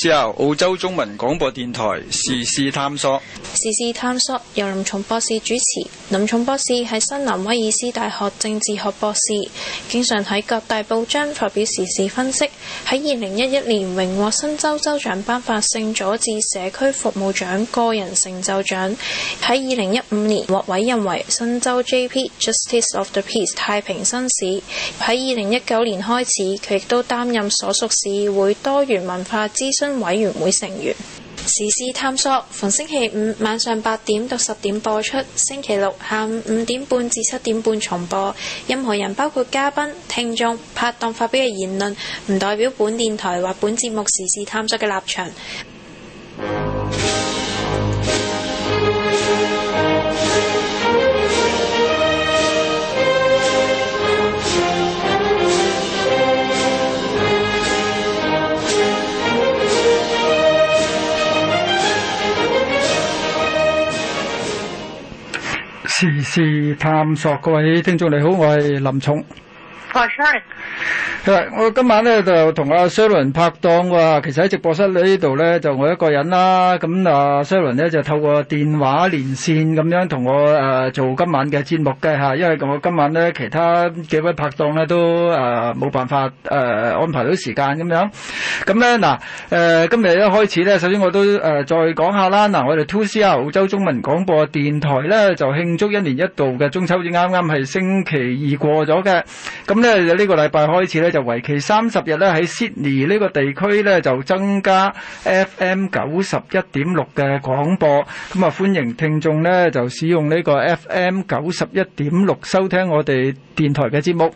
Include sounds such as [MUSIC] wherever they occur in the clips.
之後，澳洲中文廣播電台時事探索，時事探索由林重博士主持。林重博士係新南威爾斯大學政治學博士，經常喺各大報章發表時事分析。喺二零一一年，榮獲新州州長頒發聖佐治社區服務獎、個人成就獎。喺二零一五年獲委任為新州 J.P. Justice of the Peace 太平紳士。喺二零一九年開始，佢亦都擔任所屬市議會多元文化諮詢委員會成員時事探索，逢星期五晚上八點到十點播出，星期六下午五點半至七點半重播。任何人包括嘉賓、聽眾、拍檔發表嘅言論，唔代表本電台或本節目時事探索嘅立場。 [MUSIC] 時事探索，各位聽眾你好，我係林聰。Hi 我今晚咧就同阿 Sharon 拍檔喎。其實喺直播室呢度咧就我一個人啦。咁阿 Sharon 咧就透過電話連線咁樣同我、呃、做今晚嘅節目嘅嚇。因為我今晚咧其他幾位拍檔咧都冇、呃、辦法、呃、安排到時間咁樣。咁咧，嗱今日一開始咧，首先我都、呃、再講下啦。嗱，我哋 2CR 澳洲中文廣播電台咧就慶祝一年一度嘅中秋節，啱啱係星期二過咗嘅。咁咁、這、呢個禮拜開始咧，就為期三十日咧，喺 Sydney 呢個地區咧，就增加 FM 九十一點六嘅廣播。咁啊，歡迎聽眾呢就使用呢個 FM 九十一點六收聽我哋電台嘅節目。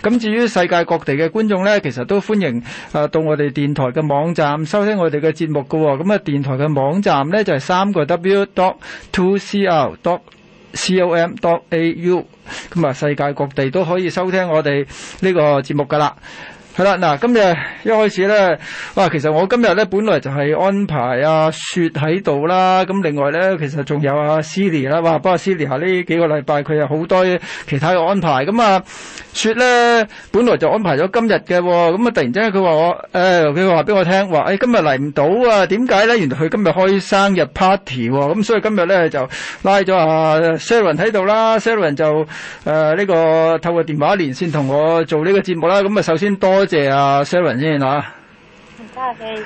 咁至於世界各地嘅觀眾呢，其實都歡迎誒到我哋電台嘅網站收聽我哋嘅節目㗎喎。咁啊，電台嘅網站呢，就係三個 W dot two C L dot。c o m dot a u，咁啊，世界各地都可以收聽我哋呢個節目噶啦。係啦，嗱，今日一開始咧，哇，其實我今日咧本來就係安排阿、啊、雪喺度啦，咁另外咧其實仲有阿 Celia 啦，哇，不過 Celia 呢幾個禮拜佢有好多其他嘅安排，咁啊，雪咧本來就安排咗今日嘅、哦，咁啊突然之間佢話我，誒、呃，佢話俾我聽話誒、哎、今日嚟唔到啊，點解咧？原來佢今日開生日 party 喎、哦，咁所以今日咧就拉咗阿 Sharon 喺度啦 Sharon 就誒呢、呃這個透過電話連線同我做呢個節目啦，咁啊首先多謝阿 Sharon 先吓，係，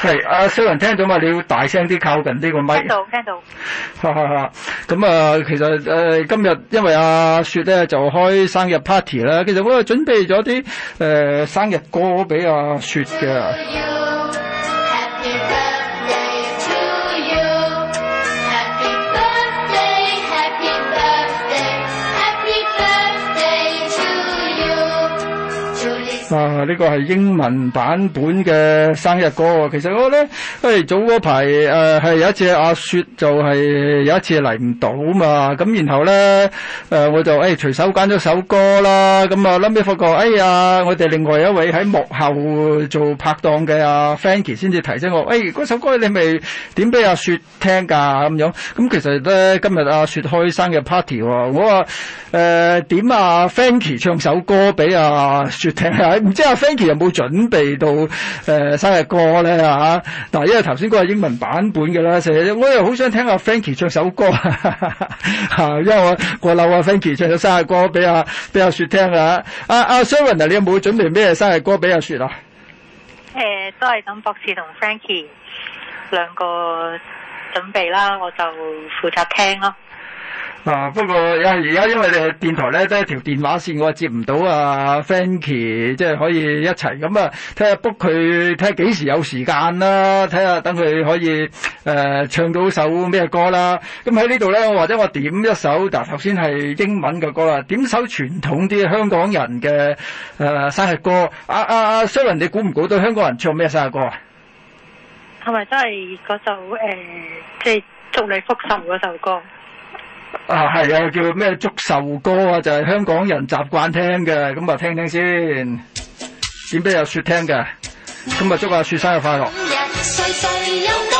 係、啊、阿 Sharon 聽到嘛？你要大聲啲，靠近啲個咪。聽到聽到，哈哈哈。咁、嗯、啊，其實誒、呃，今日因為阿雪咧就開生日 party 啦，其實我準備咗啲誒生日歌俾阿雪嘅。 [LAUGHS] 啊！呢、這個係英文版本嘅生日歌啊！其實我咧誒、哎、早嗰排誒係有一次阿、啊、雪就係有一次嚟唔到啊嘛，咁然後咧誒、呃、我就誒、哎、隨手揀咗首歌啦，咁啊諗起發覺哎呀，我哋另外一位喺幕後做拍檔嘅阿 Frankie 先至提醒我，誒、哎、首歌你咪點俾阿雪聽㗎咁、啊、樣咁、嗯、其實咧今日阿、啊、雪開生日 party 喎，我話誒點啊 Frankie 唱首歌俾阿、啊、雪聽下、啊。唔知阿 Frankie 有冇準備到誒、呃、生日歌咧嚇？嗱、啊，但因為頭先嗰個英文版本嘅啦，成日我又好想聽阿 Frankie 唱首歌嚇、啊，因為我過留阿 Frankie 唱首生日歌俾阿俾阿雪聽啊！阿阿 Sullivan 你有冇準備咩生日歌俾阿雪啊、呃？都係等博士同 Frankie 兩個準備啦，我就負責聽咯。啊！不過呀，而家因為誒電台咧都係條電話線，我接唔到啊。Fanky 即係可以一齊咁啊，睇下 book 佢睇下幾時有時間啦，睇下等佢可以誒、呃、唱到首咩歌啦。咁、嗯、喺呢度咧，或者我點一首嗱頭先係英文嘅歌啦，點首傳統啲香港人嘅誒、呃、生日歌。啊啊啊 Sharon 你估唔估到香港人唱咩生日歌啊？係咪都係嗰首誒，即係祝你福壽嗰首歌？啊，係啊，叫咩祝壽歌啊，就係、是、香港人習慣聽嘅，咁啊聽聽先，點都有雪聽嘅？咁啊雪山的，祝阿雪生日快樂。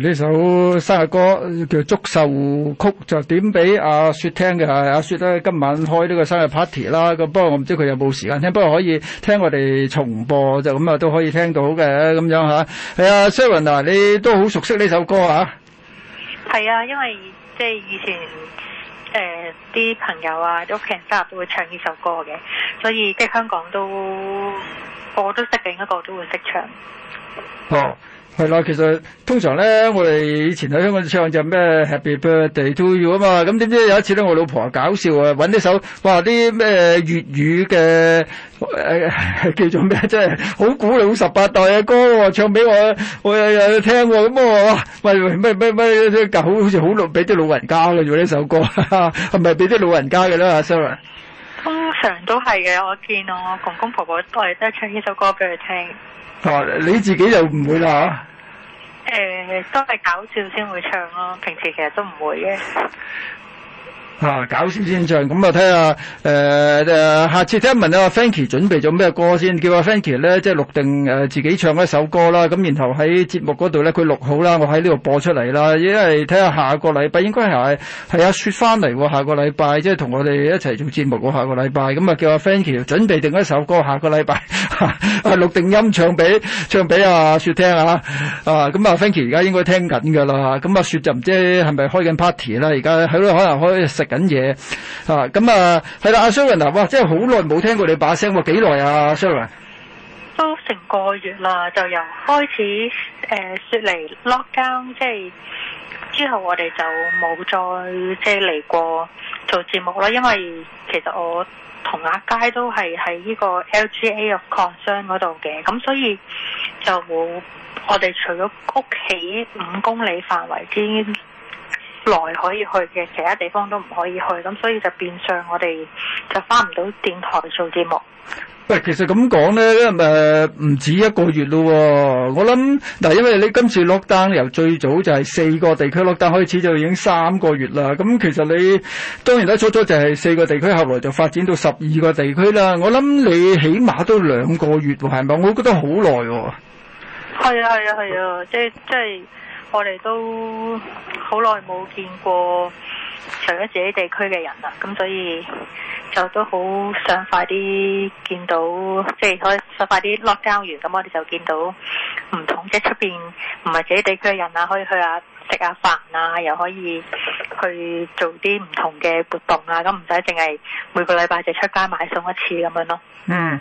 呢首生日歌叫祝壽曲，就點俾阿雪聽嘅？阿雪咧今晚開呢個生日 party 啦。咁不過我唔知佢有冇時間聽，不過可以聽我哋重播就咁啊，都可以聽到嘅咁樣吓。係啊，Sharon、啊、你都好熟悉呢首歌啊？係啊，因為即係以前誒啲、呃、朋友啊、屋企人生日都會唱呢首歌嘅，所以即係香港都個個都識，另一個都會識唱。哦。係啦，其實通常咧，我哋以前喺香港就唱就咩 Happy Birthday to You 啊嘛，咁點知有一次咧，我老婆搞笑啊，揾啲首哇啲咩粵語嘅誒叫做咩，即係好古老、十八代嘅歌，哦，唱俾我我又又聽喎，哦，咁啊，嗯，喂喂咩咩咩，好好似好老，俾啲老人家嘅啫呢首歌，係咪俾啲老人家嘅咧？阿 Sharon，通常都係嘅，我見我公公婆婆都係都係唱呢首歌俾佢聽。啊、你自己又唔會啦嚇？啊欸，都係搞笑先會唱咯，啊，平時其實都唔會嘅。吓、啊，搞笑先，場咁啊！睇下，誒、呃、誒，下次聽問啊 Fancy 準備咗咩歌先？叫阿 Fancy 咧，即係錄定誒、呃、自己唱一首歌啦。咁然後喺節目嗰度咧，佢錄好啦，我喺呢度播出嚟啦。因為睇下下個禮拜應該係係阿雪翻嚟下個禮拜即係同我哋一齊做節目。下個禮拜咁啊、嗯，叫阿 Fancy 準備定一首歌，下個禮拜哈哈 [LAUGHS] 錄定音唱俾唱俾阿、啊、雪聽下啊，咁啊，啊，Fancy 而家應該聽緊噶啦吓，咁、啊、阿、啊、雪就唔知係咪開緊 party 啦？而家喺度可能開食緊嘢啊！咁啊，係、啊、啦，阿 Sharon 啊，，哇，真係好耐冇聽過你把聲喎，幾耐啊，Sharon？都成個月啦，就由開始誒雪梨 Lockdown 即係之後我哋就冇再即係嚟過做節目啦，因為其實我同阿佳都係喺呢個 LGA of Concern 嗰度嘅，咁所以就冇，我哋除咗屋企五公里範圍之。原來可以去嘅其他地方都唔可以去，咁所以就變相我哋就翻唔到電台做節目。喂，其實咁講呢，誒唔止一個月咯。我諗但係，因為你今次落單由最早就係四個地區落單開始，就已經三個月啦。咁其實你當然最初初就係四個地區，後來就發展到十二個地區啦。我諗你起碼都兩個月喎，係咪？我覺得好耐喎。係啊係啊係啊，即即係。我哋都好耐冇見過，除咗自己地區嘅人啦，咁所以就都好想快啲見到，即係想快啲落交遊。咁我哋就見到唔同即係出邊唔係自己地區嘅人啊，可以去下食下飯啊，又可以去做啲唔同嘅活動啊。咁唔使淨係每個禮拜就出街買餸一次咁樣咯。嗯，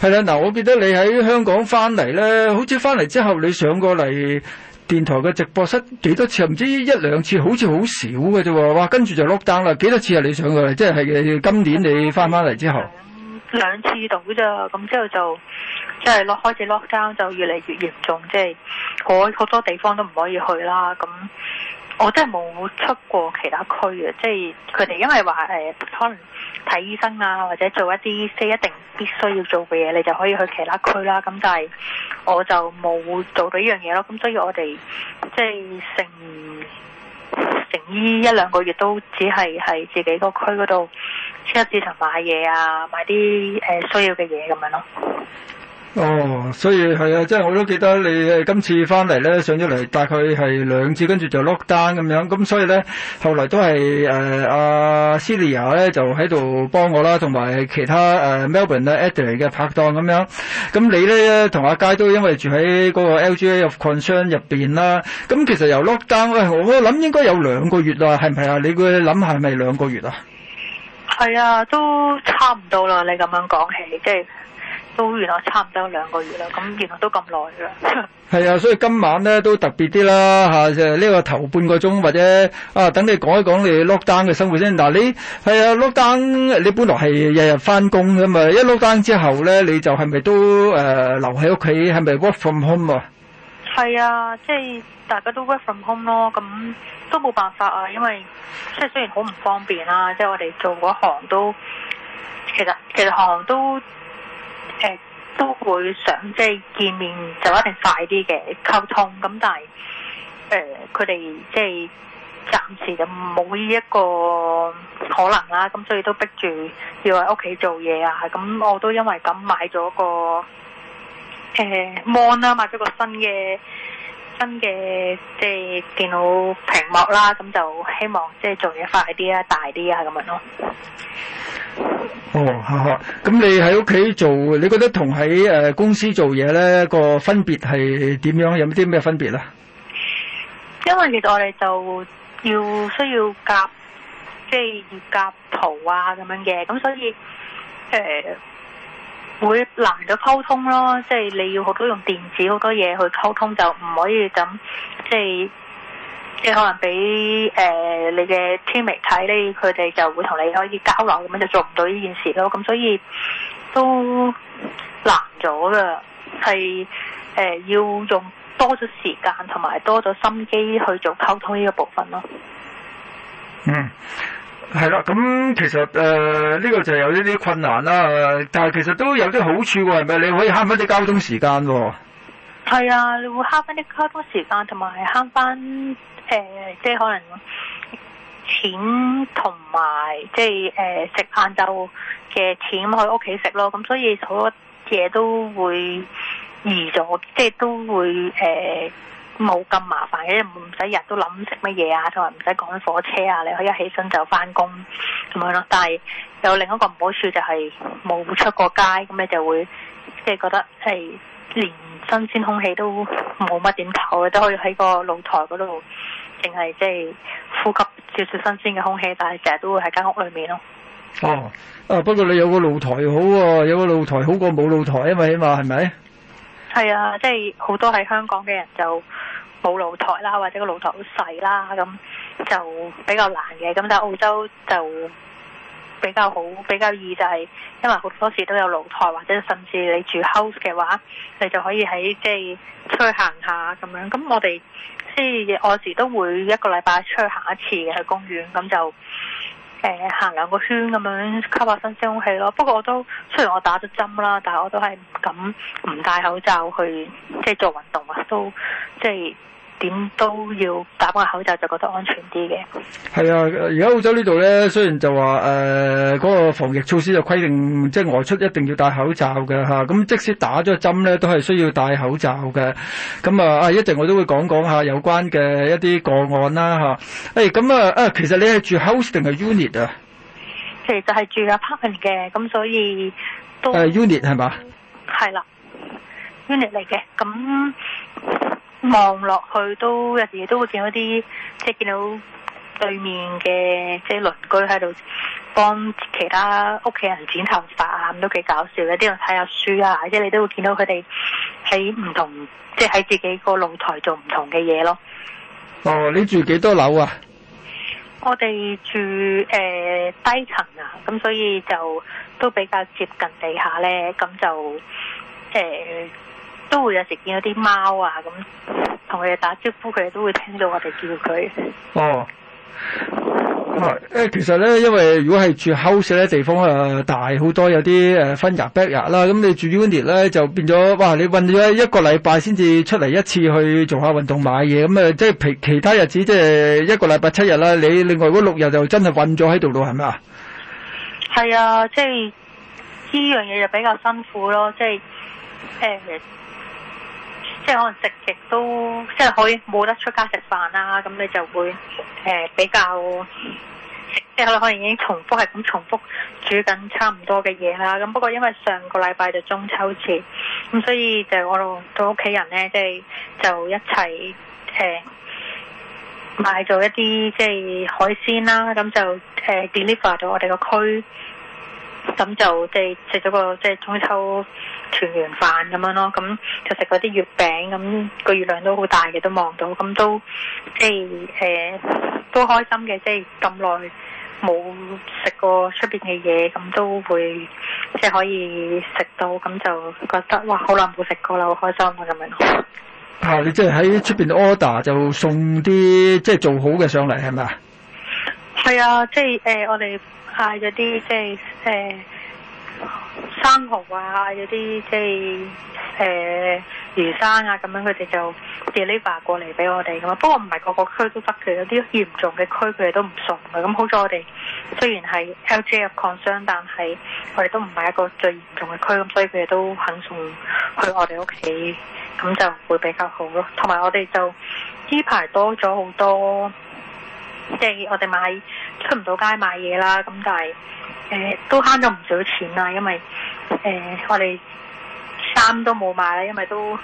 係啦，嗱，我記得你喺香港翻嚟咧，好似翻嚟之後你上過嚟。電台嘅直播室幾多次唔、啊、知一兩次好似好，好似好少嘅啫喎！哇，跟住就 lock down 啦。幾多次啊？你上過咧？即係今年你翻返嚟之後，兩,兩次到啫。咁之後就即係落開始 lock down，就越嚟越嚴重。即係我好多地方都唔可以去啦。咁我真係冇出過其他區嘅。即係佢哋因為話誒可能。欸睇醫生啊，或者做一啲即係一定必須要做嘅嘢，你就可以去其他區啦。咁但係我就冇做到依樣嘢咯。咁所以我哋即係成成依一兩個月都只係喺自己個區嗰度，超級市場買嘢啊，買啲誒、呃、需要嘅嘢咁樣咯。哦、oh，所以係啊，即係我都記得你今次翻嚟咧上咗嚟大概係兩次，跟住就 lock down 咁樣，咁所以咧後嚟都係誒阿、呃啊、Celia 咧就喺度幫我啦，同埋其他誒、呃、Melbourne 嘅拍檔咁樣。咁你咧同阿佳都因為住喺嗰個 LGA of Concern 入邊啦，咁其實由 lock down，我諗應該有兩個月啦，係唔係啊？你會諗係咪兩個月啊？係啊，都差唔多啦。你咁樣講起即係。都原來差唔多兩個月啦，咁原來都咁耐啦。係啊，所以今晚咧都特別啲啦嚇，就呢個頭半個鐘或者啊，等你講一講你 lockdown 嘅生活先。嗱，你係啊 lockdown，你本來係日日返工㗎嘛，一 lockdown 之後咧，你就係咪都誒留喺屋企，係咪 work from home 啊？係啊，即係大家都 work from home 咯，咁都冇辦法啊，因為即係雖然好唔方便啦，即係我哋做嗰行都其實其實行都。誒、呃，都會想即係見面就一定快啲嘅溝通，咁但係誒，佢、呃、哋即係暫時就冇呢一個可能啦、啊，咁所以都逼住要喺屋企做嘢啊，咁我都因為咁買咗個誒 mon 啦，買咗個新嘅。新嘅即係電腦屏幕啦，咁就希望即係做嘢快啲啊，大啲啊咁樣咯。哦，哈哈。咁你喺屋企做，你覺得同喺誒公司做嘢咧個分別係點樣？有啲咩分別咧？因為其實我哋就要需要夾，即係要夾圖啊咁樣嘅，咁所以誒。呃會難咗溝通咯，即係你要好多用電子好多嘢，去溝通，就唔可以咁即係即係可能俾誒、呃、你嘅 teammate 咧，佢哋就會同你可以交流咁樣，就做唔到呢件事咯。咁所以都難咗啦，係誒、呃、要用多咗時間同埋多咗心機去做溝通呢個部分咯。嗯。係啦、啊，咁其實誒呢、呃，這個就有呢啲困難啦、呃，但係其實都有啲好處喎，係咪？你可以慳翻啲交通時間喎、哦。係啊，你會慳翻啲交通時間，同埋慳翻誒，即係可能錢同埋即係誒食晏晝嘅錢去屋企食咯。咁所以好多嘢都會移咗，即係都會誒。呃冇咁麻煩嘅，唔使日日都諗食乜嘢啊，同埋唔使趕火車啊，你可以一起身就翻工咁樣咯。但係有另一個唔好處就係冇出過街，咁你就會即係覺得係連新鮮空氣都冇乜點透，都可以喺個露台嗰度淨係即係呼吸少少新鮮嘅空氣，但係成日都會喺間屋裏面咯。哦，啊不過你有個露台好喎、啊，有個露台好過冇露台啊嘛，起碼係咪？係啊，即係好多喺香港嘅人就冇露台啦，或者個露台好細啦，咁就比較難嘅。咁但係澳洲就比較好，比較易就係，因為好多時都有露台，或者甚至你住 house 嘅話，你就可以喺即係出去行下咁樣。咁我哋即係我時都會一個禮拜出去行一次嘅，去公園咁就。誒、呃，行兩個圈咁樣吸下新鮮空氣咯。不過我都雖然我打咗針啦，但係我都係唔敢唔戴口罩去，即係做運動啊，都即係。點都要打個口罩就覺得安全啲嘅。係啊，而家澳洲呢度咧，雖然就話誒嗰個防疫措施就規定，即係外出一定要戴口罩嘅吓。咁啊即使打咗針咧，都係需要戴口罩嘅。咁啊，啊，一陣我都會講講下有關嘅一啲個案啦吓。誒、啊，咁啊啊，其實你係住 house 定係 unit 啊？其實係住個 parking 嘅，咁所以都誒，unit 係嘛？係啦，unit 嚟嘅，咁。望落去都有時都會見到啲，即係見到對面嘅即係鄰居喺度幫其他屋企人剪頭髮啊，咁都幾搞笑嘅。啲度睇下書啊，或者你都會見到佢哋喺唔同，即係喺自己個露台做唔同嘅嘢咯。哦，你住幾多樓啊？我哋住誒、呃、低層啊，咁所以就都比較接近地下咧，咁就誒。呃都會有時見到啲貓啊咁，同佢哋打招呼，佢哋都會聽到我哋叫佢。哦，係，誒，其實咧，因為如果係住 house 咧，地方誒大好多，有啲誒分日、back 日啦。咁你住 unit 咧，就變咗哇！你運咗一個禮拜先至出嚟一次去做下運動、買嘢，咁、嗯、啊，即係其其他日子，即係一個禮拜七日啦。你另外如果六日就真係運咗喺度咯，係咪啊？係啊，即係呢樣嘢就比較辛苦咯，即係誒。哎即係可能食極都，即係可以冇得出街食飯啦。咁你就會誒、呃、比較，即係可能可能已經重複係咁重複煮緊差唔多嘅嘢啦。咁不過因為上個禮拜就中秋節，咁所以就我同到屋企人咧，即、就、係、是、就一齊誒、呃、買咗一啲即係海鮮啦。咁就誒 deliver 咗我哋個區。咁就即係食咗個即係中秋團圓飯咁樣咯，咁就食嗰啲月餅，咁個月亮都好大嘅，都望到，咁都即係誒都開心嘅，即係咁耐冇食過出邊嘅嘢，咁都會即係可以食到，咁就覺得哇好耐冇食過啦，好開心啊咁樣。啊！你即係喺出邊 order 就送啲即係做好嘅上嚟係咪啊？係、嗯、啊，即係誒、呃，我哋嗌咗啲即係。誒生蠔啊，有啲即係魚生啊，咁樣佢哋就 deliver 過嚟俾我哋咁。不過唔係個個區都得嘅，有啲嚴重嘅區佢哋都唔送嘅。咁好彩我哋雖然係 LJF c o n n 但係我哋都唔係一個最嚴重嘅區，咁所以佢哋都肯送去我哋屋企，咁就會比較好咯。同埋我哋就呢排多咗好多，即係我哋買。出唔到街買嘢啦，咁但係誒、呃、都慳咗唔少錢啦，因為誒、呃、我哋衫都冇買啦，因為都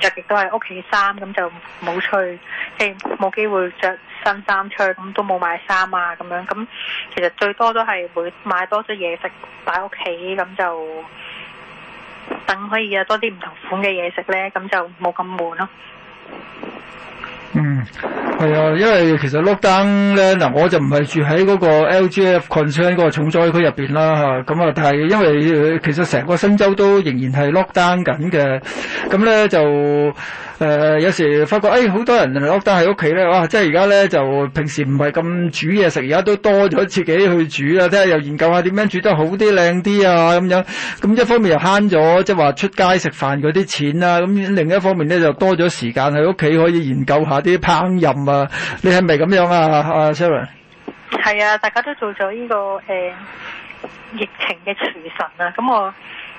着極都係屋企衫，咁就冇出去，即係冇機會着新衫出去，咁都冇買衫啊，咁樣咁其實最多都係會買多啲嘢食擺屋企，咁就等可以有多啲唔同款嘅嘢食咧，咁就冇咁悶咯。嗯，係啊，因為其實 lockdown 咧，嗱我就唔係住喺嗰個 LGF concern 嗰個重災區入邊啦吓，咁啊，但係因為其實成個新州都仍然係 lockdown 緊嘅，咁咧就。誒、呃、有時發覺，哎，好多人屋得喺屋企咧，哇、啊！即係而家咧就平時唔係咁煮嘢食，而家都多咗自己去煮啦，即係又研究下點樣煮得好啲、靚啲啊咁樣。咁一方面又慳咗，即係話出街食飯嗰啲錢啊；咁另一方面咧就多咗時間喺屋企可以研究下啲烹飪啊。你係咪咁樣啊，阿、啊、Sarah？係啊，大家都做咗呢、這個誒、呃、疫情嘅廚神啊。咁我。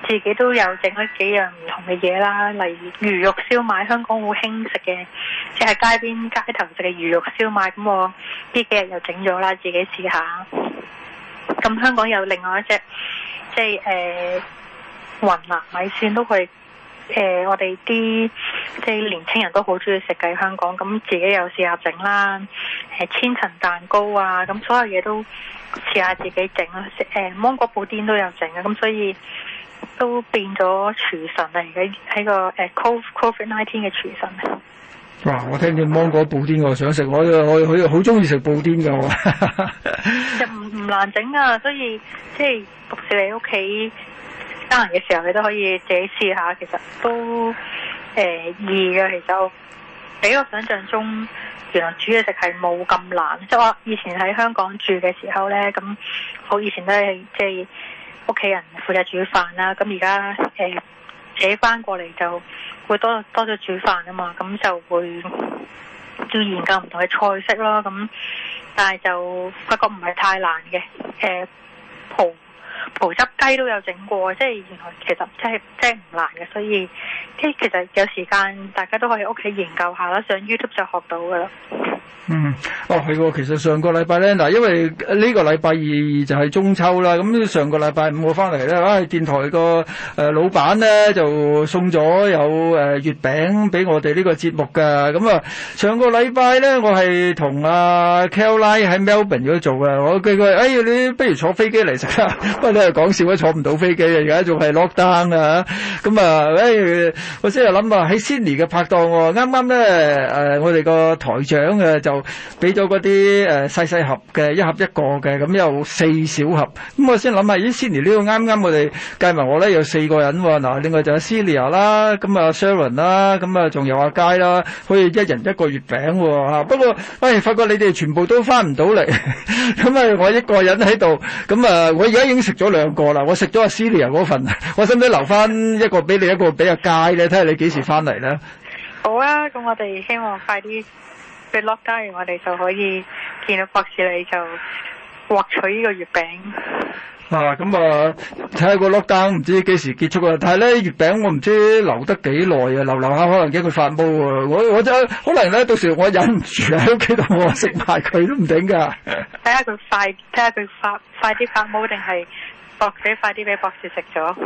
自己都有整咗幾樣唔同嘅嘢啦，例如魚肉燒賣，香港好興食嘅，即係街邊街頭食嘅魚肉燒賣。咁我呢幾日又整咗啦，自己試下。咁香港有另外一隻，即係誒雲南米線都係誒我哋啲即係年輕人都好中意食嘅香港。咁自己又試下整啦，千層蛋糕啊，咁所有嘢都試下自己整咯。誒芒果布甸都有整啊，咁所以。都變咗廚神啦！而家喺個誒 Co Covid Nineteen 嘅廚神。哇！我聽見芒果布丁，我想食，我我我好中意食布丁噶。其實唔唔難整啊，所以即係焗住你屋企單人嘅時候，你都可以自己試下。其實都誒、呃、易嘅，其實比我，我想象中原來煮嘢食係冇咁難。即係我以前喺香港住嘅時候咧，咁我以前都係即係。屋企人負責煮飯啦，咁而家誒寫翻過嚟就會多多咗煮飯啊嘛，咁就會要研究唔同嘅菜式咯，咁但係就發覺不過唔係太難嘅，誒、呃、葡葡汁雞都有整過，即係原來其實即係即係唔難嘅，所以其實有時間大家都可以屋企研究下啦，上 YouTube 就學到噶啦。嗯，哦，係、哦、其實上個禮拜咧嗱，因為呢個禮拜二就係中秋啦，咁上個禮拜五我翻嚟咧，啊，電台個誒、呃、老闆咧就送咗有誒月餅俾我哋呢個節目噶，咁、嗯、啊上個禮拜咧我係同阿 Kelley 喺 Melbourne 嗰度做啊，我佢佢、啊，哎你不如坐飛機嚟食啊，不過、哎、你係講笑啊，坐唔到飛機 down，啊，而家仲係 lockdown 啊，咁啊，哎我先係諗啊喺 Sydney 嘅拍檔，啱啱咧誒我哋個台長啊。就俾咗嗰啲誒細細盒嘅一盒一個嘅，咁有四小盒。咁我先諗下，咦、欸、Celia 呢個啱啱我哋計埋我咧有四個人喎。嗱，另外就有 Celia 啦，咁啊 Sharon 啦，咁啊仲、啊、有阿、啊、佳啦，可以一人一個月餅喎、喔。不過哎，發覺你哋全部都翻唔到嚟，咁 [LAUGHS] 啊我一個人喺度。咁啊我而家已經食咗兩個啦，我食咗阿 Celia 嗰份，我使唔使留翻一個俾你，一個俾阿佳咧？睇下你幾時翻嚟咧？好啊，咁我哋希望快啲。佢 lockdown 完，我哋就可以見到博士，你就獲取呢個月餅。啊，咁、嗯、啊，睇下個 lockdown，唔知幾時結束啊！但係咧，月餅我唔知留得幾耐啊，流流下可能驚佢發毛啊！我我真可能咧，到時我忍唔住喺屋企度食埋佢都唔頂噶。睇下佢快，睇下佢發，快啲發毛定係博者快啲俾博士食咗。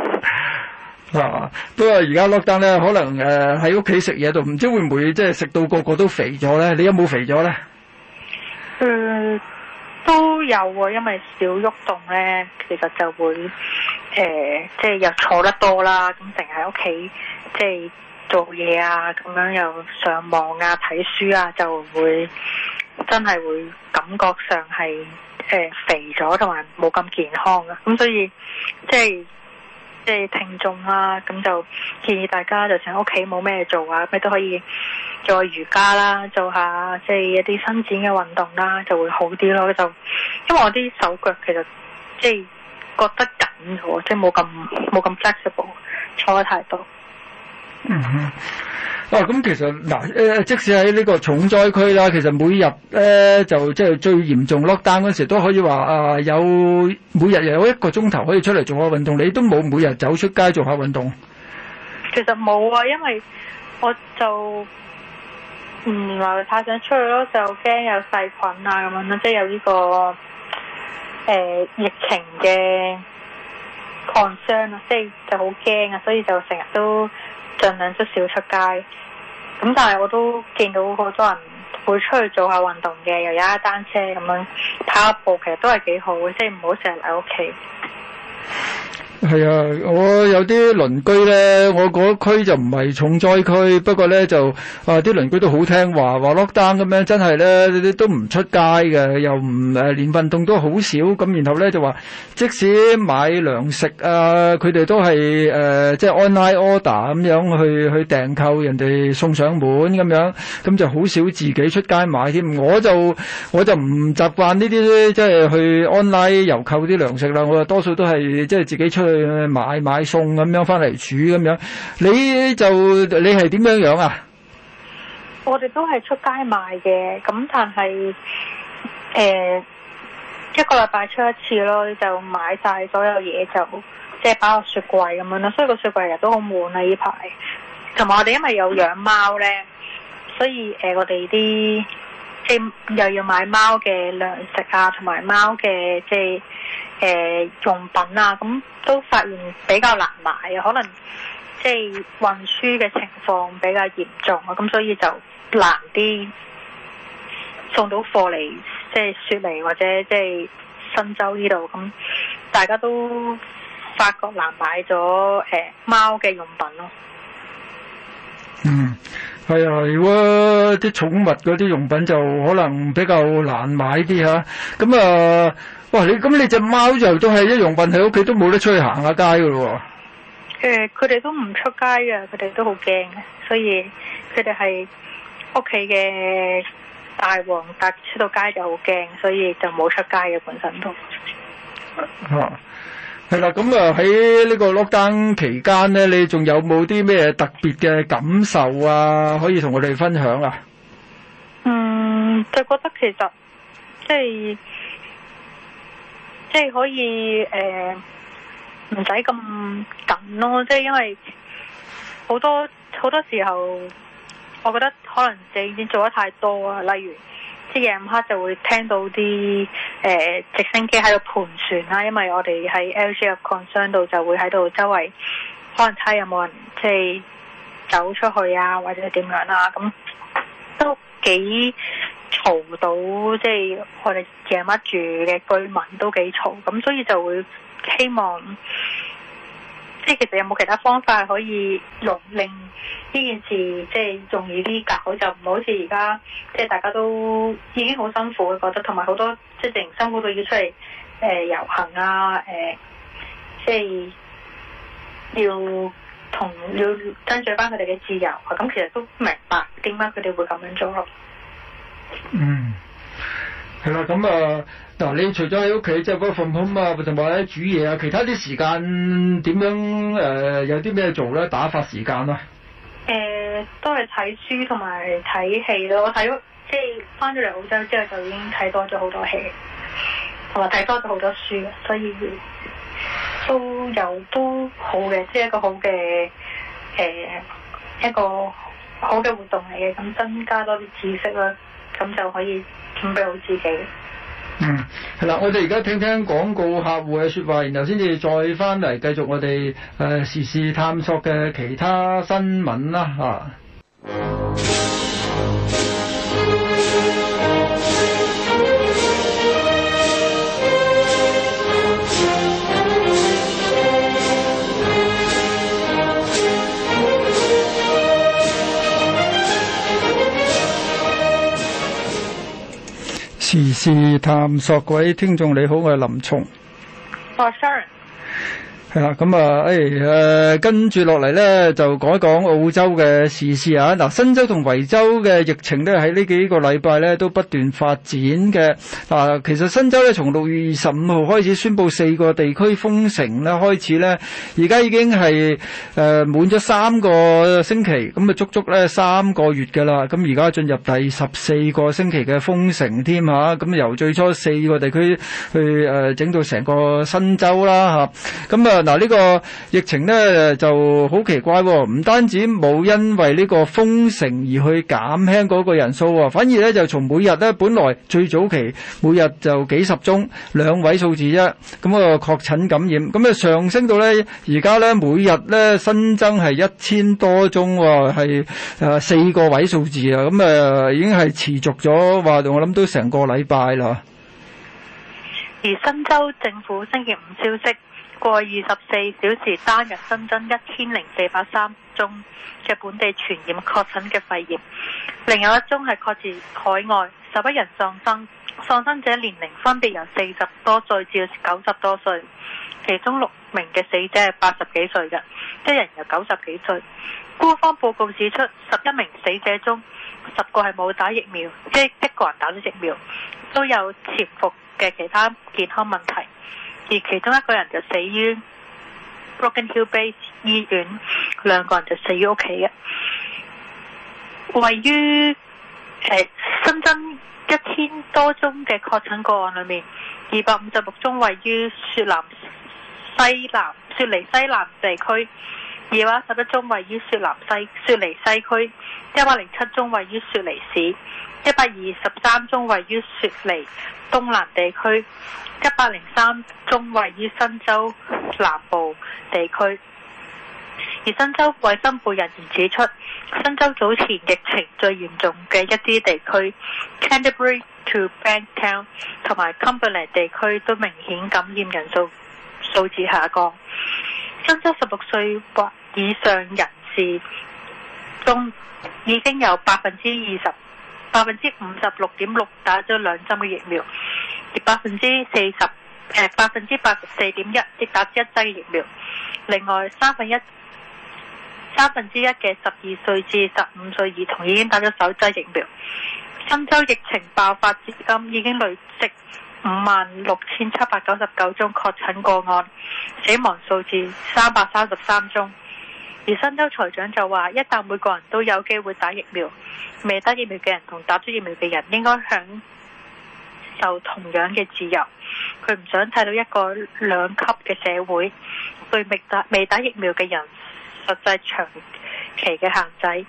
啊！不過而家 lockdown 咧，可能誒喺屋企食嘢度，唔、呃、知會唔會即係食到個個都肥咗咧？你有冇肥咗咧？誒、嗯、都有啊，因為少喐動咧，其實就會誒、呃、即係又坐得多啦，咁成日喺屋企即係做嘢啊，咁樣又上網啊、睇書啊，就會真係會感覺上係誒、呃、肥咗，同埋冇咁健康啊！咁所以即係。即、係聽眾啦，咁就建議大家就喺屋企冇咩做啊，咩都可以做下瑜伽啦，做下即係一啲伸展嘅運動啦，就會好啲咯。就因為我啲手腳其實即係覺得緊咗，即係冇咁冇咁 flexible，坐得太多。嗯哼。哦、啊，咁其實嗱，誒，即使喺呢個重災區啦，其實每日咧就即係、就是、最嚴重 lockdown 嗰時候都可以話啊，有每日有一個鐘頭可以出嚟做下運動。你都冇每日走出街做下運動？其實冇啊，因為我就唔話太想出去咯，就驚有細菌啊咁樣咯，即、就、係、是、有呢、這個誒、呃、疫情嘅擴張啊，即係就好驚啊，所以就成日都，儘量都少出街，咁但係我都見到好多人會出去做下運動嘅，又踩下單車咁樣跑下步，其實都係幾好嘅，即係唔好成日喺屋企。係啊，我有啲鄰居咧，我嗰區就唔係重災區，不過咧就啊啲鄰居都好聽話，話 lockdown 咁樣，真係咧啲都唔出街嘅，又唔誒，連運動都好少，咁然後咧就話即使買糧食啊，佢哋都係誒即係 online order 咁樣去去訂購，人哋送上門咁樣，咁就好少自己出街買添。我就我就唔習慣呢啲即係去 online 郵購啲糧食啦，我就多數都係。即係自己出去買買餸咁樣，翻嚟煮咁樣，你就你係點樣樣啊？我哋都係出街買嘅，咁但係誒、呃、一個禮拜出一次咯，就買晒所有嘢就即係擺落雪櫃咁樣啦。所以個雪櫃日都好滿啊！呢排同埋我哋因為有養貓咧，所以誒、呃、我哋啲。又要買貓嘅糧食啊，同埋貓嘅即係誒用品啊，咁都發現比較難買啊，可能即係運輸嘅情況比較嚴重啊，咁所以就難啲送到貨嚟，即係雪梨或者即係新州呢度咁，大家都發覺難買咗誒貓嘅用品咯。嗯，係啊，係啊，啲寵物嗰啲用品就可能比較難買啲吓，咁啊，啊，哇你咁你隻貓就都係一樣瞓喺屋企，都冇得出去行下街噶咯？誒，佢哋都唔出街啊，佢哋都好驚，所以佢哋係屋企嘅大王，但出到街就好驚，所以就冇出街嘅本身都。啊係啦，咁啊喺呢個 lockdown 期間咧，你仲有冇啲咩特別嘅感受啊？可以同我哋分享啊？嗯，就覺得其實即係即係可以誒，唔使咁緊咯，即係因為好多好多時候，我覺得可能自己已經做得太多啊，例如。 [MUSIC] 即夜晚黑就會聽到啲誒直升機喺度盤旋啦，因為我哋喺 LGA of concern 度就會喺度周圍可能睇下有冇人即係走出去啊，或者點樣啦、啊，咁都幾嘈到即係、就是、我哋夜晚住嘅居民都幾嘈，咁所以就會希望。即係其實有冇其他方法可以容令呢件事即係、就是、容易啲搞，就唔好似而家即係大家都已經好辛苦，覺得同埋好多即係突然辛苦都要出嚟誒遊行啊，誒、呃、即係要同要爭取翻佢哋嘅自由，咁其實都明白點解佢哋會咁樣做咯。嗯，係啦，咁啊。嗱、啊，你除咗喺屋企即係嗰個放啊，或者煮嘢啊，其他啲時間點樣誒、呃、有啲咩做咧？打發時間啦。誒、呃，都係睇書同埋睇戲咯。睇即係翻咗嚟澳洲之後，就已經睇多咗好多戲，同埋睇多咗好多書。所以都，都有都好嘅，即、就、係、是、一個好嘅誒、呃、一個好嘅活動嚟嘅，咁增加多啲知識啦，咁就可以準備好自己。嗯，係啦，我哋而家聽聽廣告客戶嘅說話，然後先至再翻嚟繼續我哋誒、呃、時事探索嘅其他新聞啦，吓、啊。時事探索，各位聽眾你好，我係林松。係啦，咁、嗯、啊，誒、哎，誒、呃，跟住落嚟咧，就講一講澳洲嘅時事啊。嗱、啊，新州同維州嘅疫情咧，喺呢幾個禮拜咧，都不斷發展嘅。嗱、啊，其實新州咧，從六月二十五號開始宣布四個地區封城咧，開始咧，而家已經係誒滿咗三個星期，咁、嗯、啊，就足足咧三個月噶啦。咁而家進入第十四個星期嘅封城添吓，咁、啊嗯、由最初四個地區去誒、呃、整到成個新州啦吓，咁啊。嗯啊嗱，呢個疫情咧就好奇怪喎，唔單止冇因為呢個封城而去減輕嗰個人數喎，反而咧就從每日咧，本來最早期每日就幾十宗兩位數字啫，咁個確診感染，咁啊上升到咧而家咧每日咧新增係一千多宗，係誒四個位數字啊，咁誒已經係持續咗話，我諗都成個禮拜啦。而新州政府星期五消息，過二十四小時，單日新增一千零四百三宗嘅本地傳染確診嘅肺炎，另有一宗係確自海外。十一人喪生，喪生者年齡分別由四十多歲至九十多歲，其中六名嘅死者係八十幾歲嘅，一人有九十幾歲。官方報告指出，十一名死者中，十個係冇打疫苗，即係一個人打咗疫苗，都有潛伏嘅其他健康問題。而其中一個人就死於 Broken Hill Base 醫院，兩個人就死於屋企嘅，位於欸、新增一千多宗嘅確診個案裏面，二百五十六宗位於雪南西南、雪梨西南地區。二百十一宗位於雪南西雪梨西區，一百零七宗位於雪梨市，一百二十三宗位於雪梨東南地區，一百零三宗位於新州南部地區。而新州衛生部人員指出，新州早前疫情最嚴重嘅一啲地區，Canterbury to Bankstown 同埋 Cumberland 地區都明顯感染人數，數字下降。新州十六歲或以上人士中，已經有百分之二十、百分之五十六點六打咗兩針嘅疫苗，而百分之四十、呃、百分之八十四點一只打一針嘅疫苗。另外，三分一、三分之一嘅十二歲至十五歲兒童已經打咗首針疫苗。新州疫情爆發至今，已經累積五萬六千七百九十九宗確診個案，死亡數字三百三十三宗。而新州財長就話：一旦每個人都有機會打疫苗，未打疫苗嘅人同打咗疫苗嘅人應該享受同樣嘅自由。佢唔想睇到一個兩級嘅社會對未打未打疫苗嘅人實際長期嘅限制。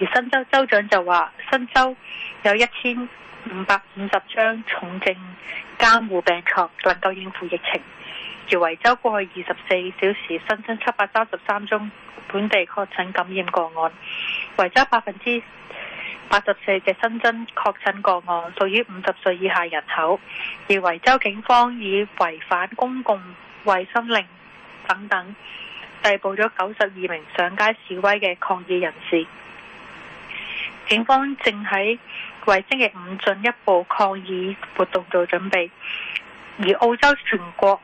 而新州州長就話：新州有一千五百五十張重症監護病床，能夠應付疫情。而維州過去二十四小時新增七百三十三宗本地確診感染個案，維州百分之八十四嘅新增確診個案屬於五十歲以下人口。而維州警方以違反公共衛生令等等，逮捕咗九十二名上街示威嘅抗議人士。警方正喺為星期五進一步抗議活動做準備，而澳洲全國。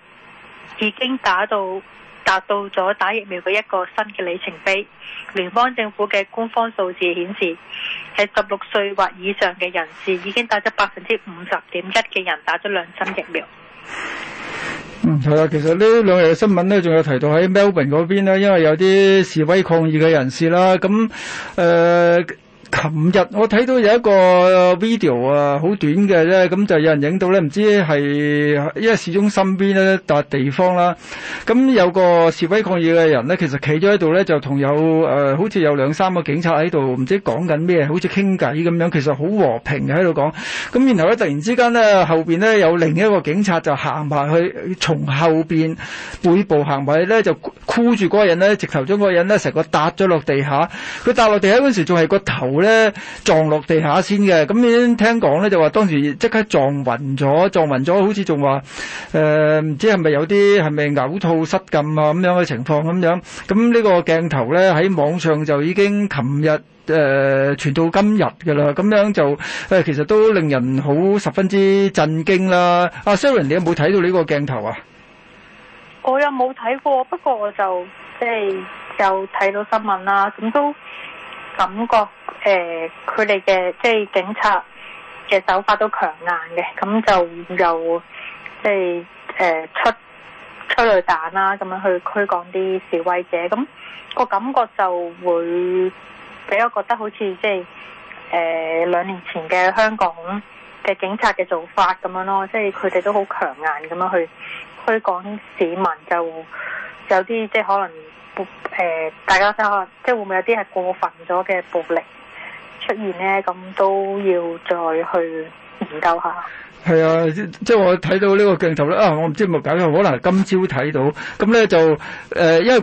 已經打到達到咗打疫苗嘅一個新嘅里程碑。聯邦政府嘅官方數字顯示，係十六歲或以上嘅人士已經打咗百分之五十點一嘅人打咗兩針疫苗。嗯，係啦，其實呢兩日嘅新聞咧，仲有提到喺 Melbourne 嗰邊咧，因為有啲示威抗議嘅人士啦，咁誒。呃琴日我睇到有一個 video 啊，好短嘅咧，咁就有人影到咧，唔知係因為市中心邊呢笪地方啦。咁有個示威抗議嘅人咧，其實企咗喺度咧，就同有誒、呃、好似有兩三個警察喺度，唔知講緊咩，好似傾偈咁樣，其實好和平嘅喺度講。咁然後咧，突然之間咧，後邊咧有另一個警察就行埋去，從後邊背部行埋去咧，就箍住嗰個人咧，直頭將嗰個人咧成個揼咗落地下。佢揼落地下陣時仲係個頭。咧撞落地下先嘅，咁已經聽講咧就話當時即刻撞暈咗，撞暈咗，好似仲話誒，唔知係咪有啲係咪嘔吐失禁啊咁樣嘅情況咁樣。咁呢個鏡頭咧喺網上就已經琴日誒傳到今日嘅啦，咁樣就誒、呃、其實都令人好十分之震驚啦。阿、啊、Sharon，你有冇睇到呢個鏡頭啊？我又冇睇過，不過我就即係有睇到新聞啦，咁都感覺。誒、呃，佢哋嘅即係警察嘅手法都強硬嘅，咁就又即係誒、呃、出催淚彈啦，咁樣去驅趕啲示威者，咁、那個感覺就會比較覺得好似即係誒兩年前嘅香港嘅警察嘅做法咁樣咯，即係佢哋都好強硬咁樣去驅趕啲市民，就有啲即係可能誒、呃，大家睇下，即係會唔會有啲係過分咗嘅暴力？出現呢，咁都要再去研究下。係啊，即係我睇到呢個鏡頭呢，啊！我唔知有冇搞錯，可能今朝睇到咁咧就誒、呃，因為嗰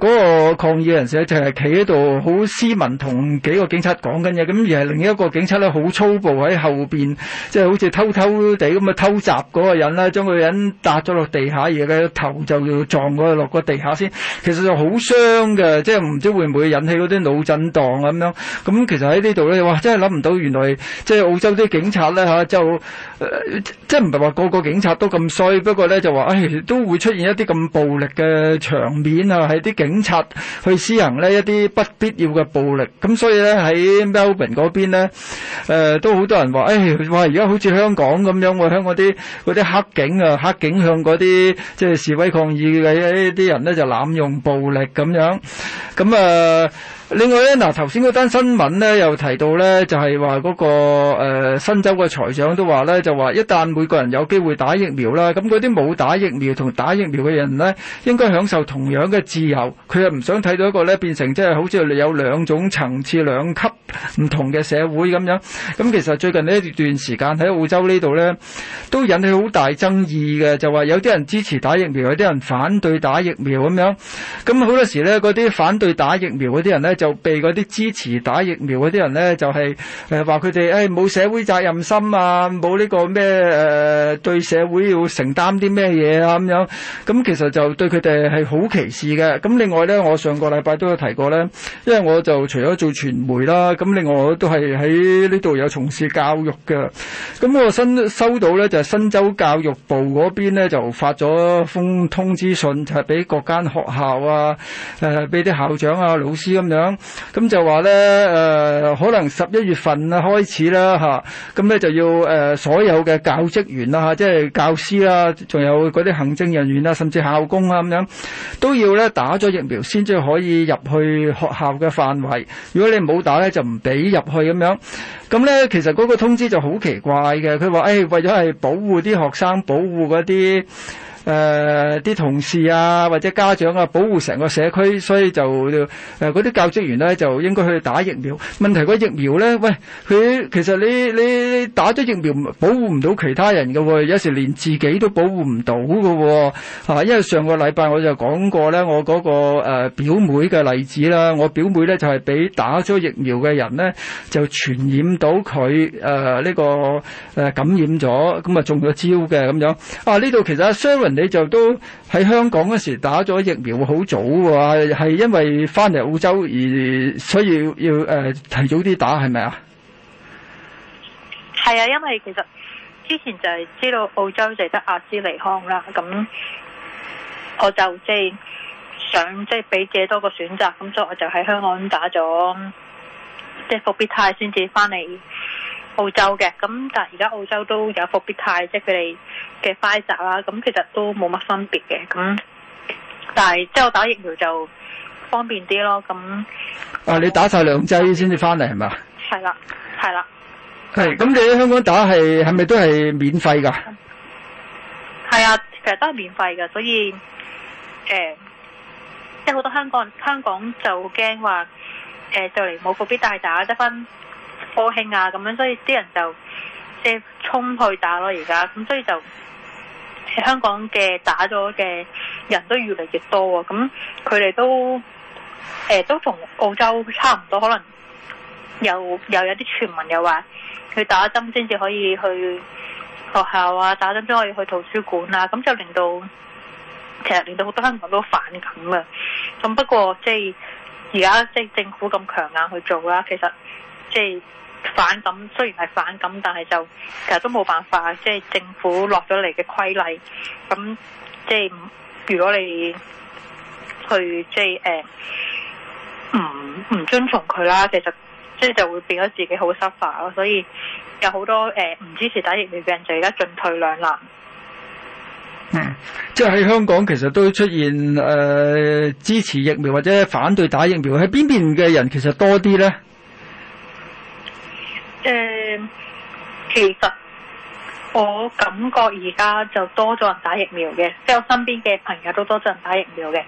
個抗議人士咧就係企喺度好斯文，同幾個警察講緊嘢，咁而係另一個警察咧好粗暴喺後面，即、就、係、是、好似偷偷地咁啊偷襲嗰個人啦，將個人搭咗落地下，而嘅頭就要撞落個地下先，其實就好傷嘅，即係唔知會唔會引起嗰啲腦震盪咁樣。咁其實喺呢度咧，哇！真係諗唔到，原來即係澳洲啲警察咧、啊、就、呃即係唔係話個個警察都咁衰，不過咧就話誒，都會出現一啲咁暴力嘅場面啊，係啲警察去施行呢一啲不必要嘅暴力。咁所以咧喺 Melbourne 嗰邊咧，誒、呃、都好多人話誒，哇！而家好似香港咁樣，喎香港啲嗰啲黑警啊，黑警向嗰啲即係示威抗議嘅一啲人咧就濫用暴力咁樣咁啊。另外咧，嗱頭先嗰單新聞咧，又提到咧，就係話嗰個、呃、新州嘅財長都話咧，就話一旦每個人有機會打疫苗啦，咁嗰啲冇打疫苗同打疫苗嘅人咧，應該享受同樣嘅自由。佢又唔想睇到一個咧變成即係好似你有兩種層次兩級唔同嘅社會咁樣。咁其實最近呢一段時間喺澳洲呢度咧，都引起好大爭議嘅，就話有啲人支持打疫苗，有啲人反對打疫苗咁樣。咁好多時咧，嗰啲反對打疫苗啲人咧。就被啲支持打疫苗啲人咧，就係誒話佢哋誒冇社會責任心啊，冇呢個咩誒、呃、對社會要承擔啲咩嘢啊咁樣。咁其實就對佢哋係好歧視嘅。咁另外咧，我上個禮拜都有提過咧，因為我就除咗做傳媒啦，咁另外我都係喺呢度有從事教育嘅。咁我新收到咧就係、是、新州教育部嗰邊咧就發咗封通知信，就係、是、俾各間學校啊，誒俾啲校長啊、老師咁樣。咁就話呢，誒、呃，可能十一月份開始啦吓，咁、啊、呢就要誒、呃、所有嘅教職員啦吓、啊，即係教師啦，仲有嗰啲行政人員啦，甚至校工啊咁樣，都要咧打咗疫苗先至可以入去學校嘅範圍。如果你冇打呢，就唔俾入去咁樣。咁呢其實嗰個通知就好奇怪嘅，佢話誒為咗係保護啲學生，保護嗰啲。誒啲同事啊，或者家長啊，保護成個社區，所以就誒嗰啲教職員咧，就應該去打疫苗。問題個疫苗咧，喂，佢其實你你打咗疫苗保護唔到其他人嘅喎，有時連自己都保護唔到嘅喎嚇。因為上個禮拜我就講過咧，我嗰個誒表妹嘅例子啦，我表妹咧就係俾打咗疫苗嘅人咧就傳染到佢誒呢個誒感染咗，咁啊中咗招嘅咁樣。啊呢度其實阿 Sharon。你就都喺香港嗰時打咗疫苗很早，好早喎，係因為翻嚟澳洲而所以要要誒提早啲打，係咪啊？係啊，因為其實之前就係知道澳洲就得阿斯尼康阿斯利康啦，咁我就即係想即係俾自己多個選擇，咁所以我就喺香港打咗，即係復必泰先至翻嚟。澳洲嘅，咁但係而家澳洲都有伏必泰，即係佢哋嘅 Pfizer 啦，咁其實都冇乜分別嘅，咁、嗯、但係即係我打疫苗就方便啲咯，咁啊，你打晒兩劑先至翻嚟係咪？係啦，係啦，係。咁你喺香港打係係咪都係免費噶？係啊，其實都係免費噶，所以誒、呃，即係好多香港香港就驚話，誒就嚟冇伏必泰打得分。高興啊咁樣，所以啲人就即係衝去打咯，而家咁所以就香港嘅打咗嘅人都越嚟越多啊！咁佢哋都誒、欸、都同澳洲差唔多，可能一些又又有啲傳聞又話去打針先至可以去學校啊，打針先可以去圖書館啊，咁就令到其實令到好多香港人都反感啊！咁不過即係而家即係政府咁強硬去做啦，啊，其實即係。就是反感雖然係反感，但係就其實都冇辦法，即、就、係、是、政府落咗嚟嘅規例，咁即係如果你去即係誒唔唔遵從佢啦，其實即係就，就，就會變咗自己好失範咯。所以有好多誒唔、呃、支持打疫苗嘅人，就而家進退兩難。嗯，即係喺香港其實都出現誒、呃、支持疫苗或者反對打疫苗，喺邊邊嘅人其實多啲咧？誒、呃，其實我感覺而家就多咗人打疫苗嘅，即係我身邊嘅朋友都多咗人打疫苗嘅。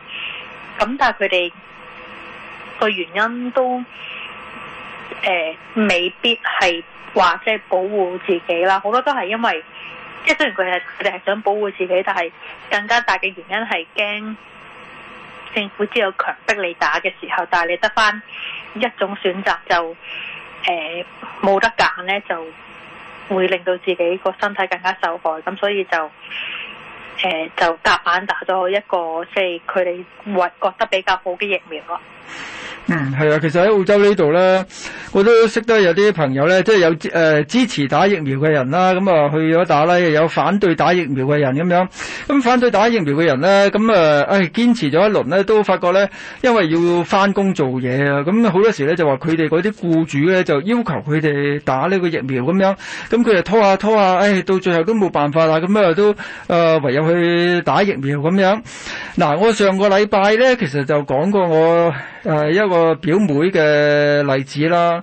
咁但係佢哋個原因都誒、呃，未必係話即係保護自己啦，好多都係因為即係雖然佢係佢哋係想保護自己，但係更加大嘅原因係驚政府之後強迫你打嘅時候，但係你得翻一種選擇就。誒、呃，冇得揀咧，就會令到自己個身體更加受害，咁所以就誒、呃、就夾硬打咗一個，即係佢哋為覺得比較好嘅疫苗咯。嗯，係啊，其實喺澳洲這裏呢度咧，我都識得有啲朋友咧，即係有誒、呃、支持打疫苗嘅人啦，咁、嗯、啊去咗打啦，又有反對打疫苗嘅人咁樣。咁、嗯、反對打疫苗嘅人咧，咁、嗯、啊，誒、哎、堅持咗一輪咧，都發覺咧，因為要翻工做嘢啊，咁、嗯、好多時咧就話佢哋嗰啲雇主咧就要求佢哋打呢個疫苗咁樣，咁、嗯、佢就拖下拖下，誒、哎，到最後都冇辦法啦，咁、嗯、啊都誒、呃、唯有去打疫苗咁樣。嗱、嗯，我上個禮拜咧，其實就講過我。誒、呃、一個表妹嘅例子啦，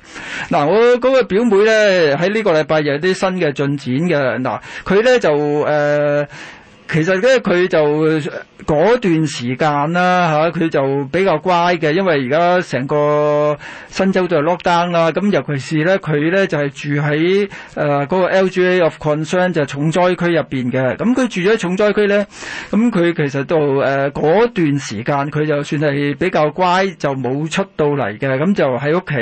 嗱，我嗰個表妹咧，喺呢個禮拜有啲新嘅進展嘅。嗱，佢咧就誒。呃其實咧，佢就嗰段時間啦嚇，佢就比較乖嘅，因為而家成個新州都係 lockdown 啦。咁尤其是咧，佢咧就係住喺誒嗰個 LGA of Concern 就係重災區入邊嘅。咁佢住咗重災區咧，咁佢其實就誒嗰段時間佢就算係比較乖，就冇出到嚟嘅。咁就喺屋企。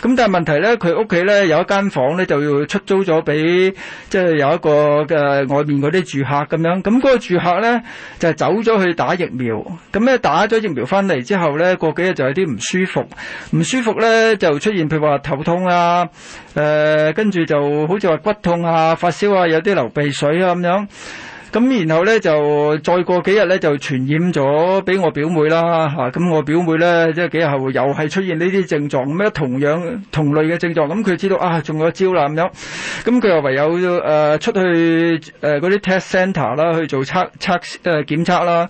咁但係問題咧，佢屋企咧有一間房咧就要出租咗俾即係有一個嘅外面嗰啲住客咁樣。咁、那、嗰個住客呢，就是、走咗去打疫苗，咁咧打咗疫苗翻嚟之後呢，過幾日就有啲唔舒服，唔舒服呢，就出現譬如話頭痛啊，呃、跟住就好似話骨痛啊、發燒啊、有啲流鼻水啊咁樣。咁然後咧就再過幾日咧就傳染咗俾我表妹啦嚇，咁我表妹咧即係幾日後又係出現呢啲症狀，咁一樣同樣同類嘅症狀，咁佢知道啊中咗招啦咁樣，咁佢又唯有誒出去誒嗰啲 test centre 啦去做測測誒檢測啦，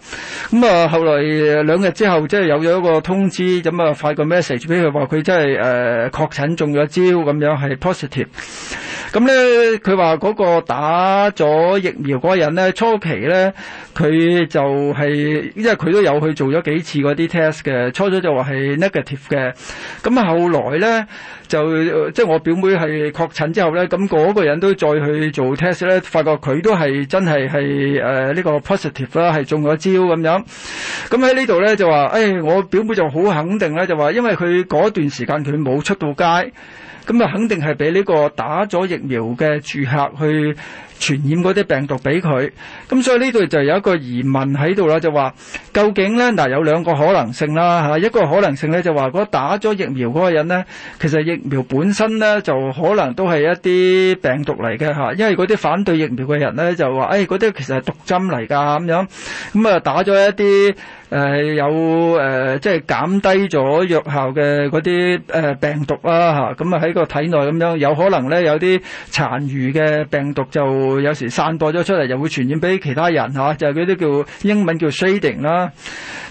咁啊後來兩日之後即係有咗一個通知，咁啊發個 message 俾佢話佢真係誒確診中咗招咁樣係 positive，咁咧佢話嗰個打咗疫苗嗰個人咧。初期咧，佢就係因為佢都有去做咗幾次嗰啲 test 嘅，初初就話係 negative 嘅。咁後來咧就即係我表妹係確診之後咧，咁嗰個人都再去做 test 咧，發覺佢都係真係係誒呢個 positive 啦，係中咗招咁樣。咁喺呢度咧就話誒，我表妹就好肯定咧，就話因為佢嗰段時間佢冇出到街，咁啊肯定係俾呢個打咗疫苗嘅住客去，傳染嗰啲病毒俾佢，咁所以呢度就有一個疑問喺度啦，就話究竟呢？嗱有兩個可能性啦吓，一個可能性呢，就話嗰打咗疫苗嗰個人呢，其實疫苗本身呢，就可能都係一啲病毒嚟嘅吓，因為嗰啲反對疫苗嘅人呢，就話，誒嗰啲其實係毒針嚟㗎咁樣，咁啊打咗一啲。誒、呃、有誒、呃，即係減低咗藥效嘅嗰啲病毒啦咁啊喺、啊啊、個體內咁樣有可能咧，有啲殘餘嘅病毒就有時散播咗出嚟，就會傳染俾其他人、啊、就嗰、是、啲叫英文叫 shedding 啦、啊。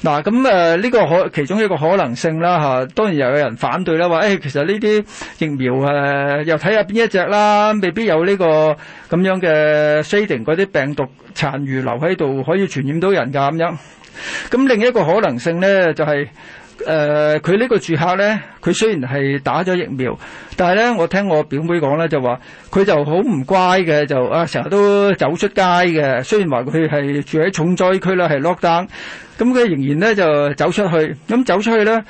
嗱咁誒呢個可其中一個可能性啦、啊啊、當然又有人反對啦，話誒、哎、其實呢啲疫苗、啊、又睇下邊一隻啦，未必有呢、這個咁樣嘅 shedding 嗰啲病毒殘餘留喺度，可以傳染到人㗎咁樣。啊啊咁另一個可能性咧，就係、是、誒，佢、呃、呢個住客咧，佢雖然係打咗疫苗，但係咧，我聽我表妹講咧，就話佢就好唔乖嘅，就啊成日都走出街嘅。雖然話佢係住喺重災區啦，係 lockdown，咁佢仍然咧就走出去。咁走出去咧。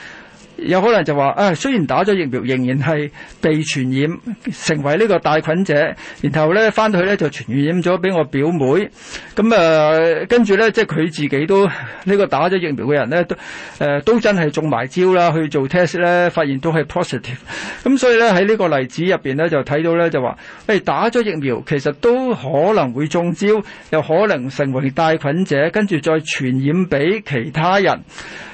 有可能就話啊，雖然打咗疫苗，仍然係被傳染，成為呢個帶菌者，然後咧翻去咧就傳染咗俾我表妹。咁、嗯、啊，跟住咧即係佢自己都呢、這個打咗疫苗嘅人咧，誒都、呃、都真係中埋招啦，去做 test 咧，發現都係 positive、嗯。咁所以咧喺呢個例子入邊咧就睇到咧就話，誒、哎、打咗疫苗其實都可能會中招，又可能成為帶菌者，跟住再傳染俾其他人。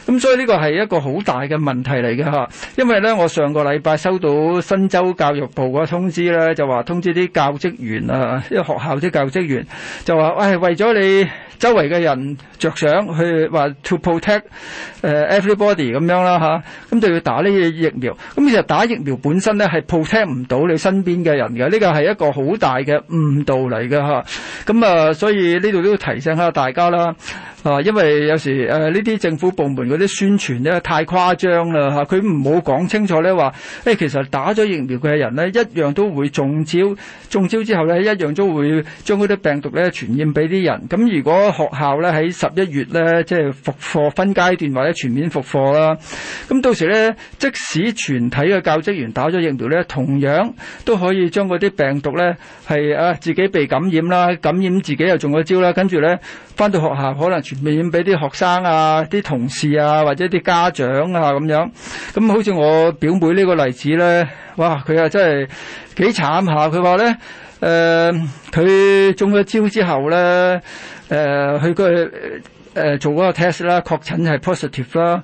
咁、嗯、所以呢個係一個好大嘅問題。嚟嘅嚇，因為咧，我上個禮拜收到新州教育部嘅通知咧，就話通知啲教職員啊，啲學校啲教職員就話，喂、哎，為咗你周圍嘅人着想，去話 to protect 誒 everybody 咁樣啦嚇，咁、啊、就要打呢啲疫苗。咁其實打疫苗本身咧係 protect 唔到你身邊嘅人嘅，呢個係一個好大嘅誤導嚟嘅嚇。咁啊，所以呢度都要提醒下大家啦。啊，因為有時誒呢啲政府部門嗰啲宣傳咧太誇張啦嚇，佢唔好講清楚咧話、欸，其實打咗疫苗嘅人呢，一樣都會中招，中招之後咧一樣都會將嗰啲病毒咧傳染俾啲人。咁、啊、如果學校咧喺十一月咧即係復課分階段或者全面復課啦，咁到時咧即使全體嘅教職員打咗疫苗咧，同樣都可以將嗰啲病毒咧係啊自己被感染啦，感染自己又中咗招啦，跟住咧返到學校可能。傳面俾啲學生啊、啲同事啊，或者啲家長啊咁樣。咁好似我表妹呢個例子咧，哇！佢啊真係幾慘下。佢話咧，誒、呃、佢中咗招之後咧，誒、呃、去、那個誒、呃、做嗰個 test 啦，確診係 positive 啦。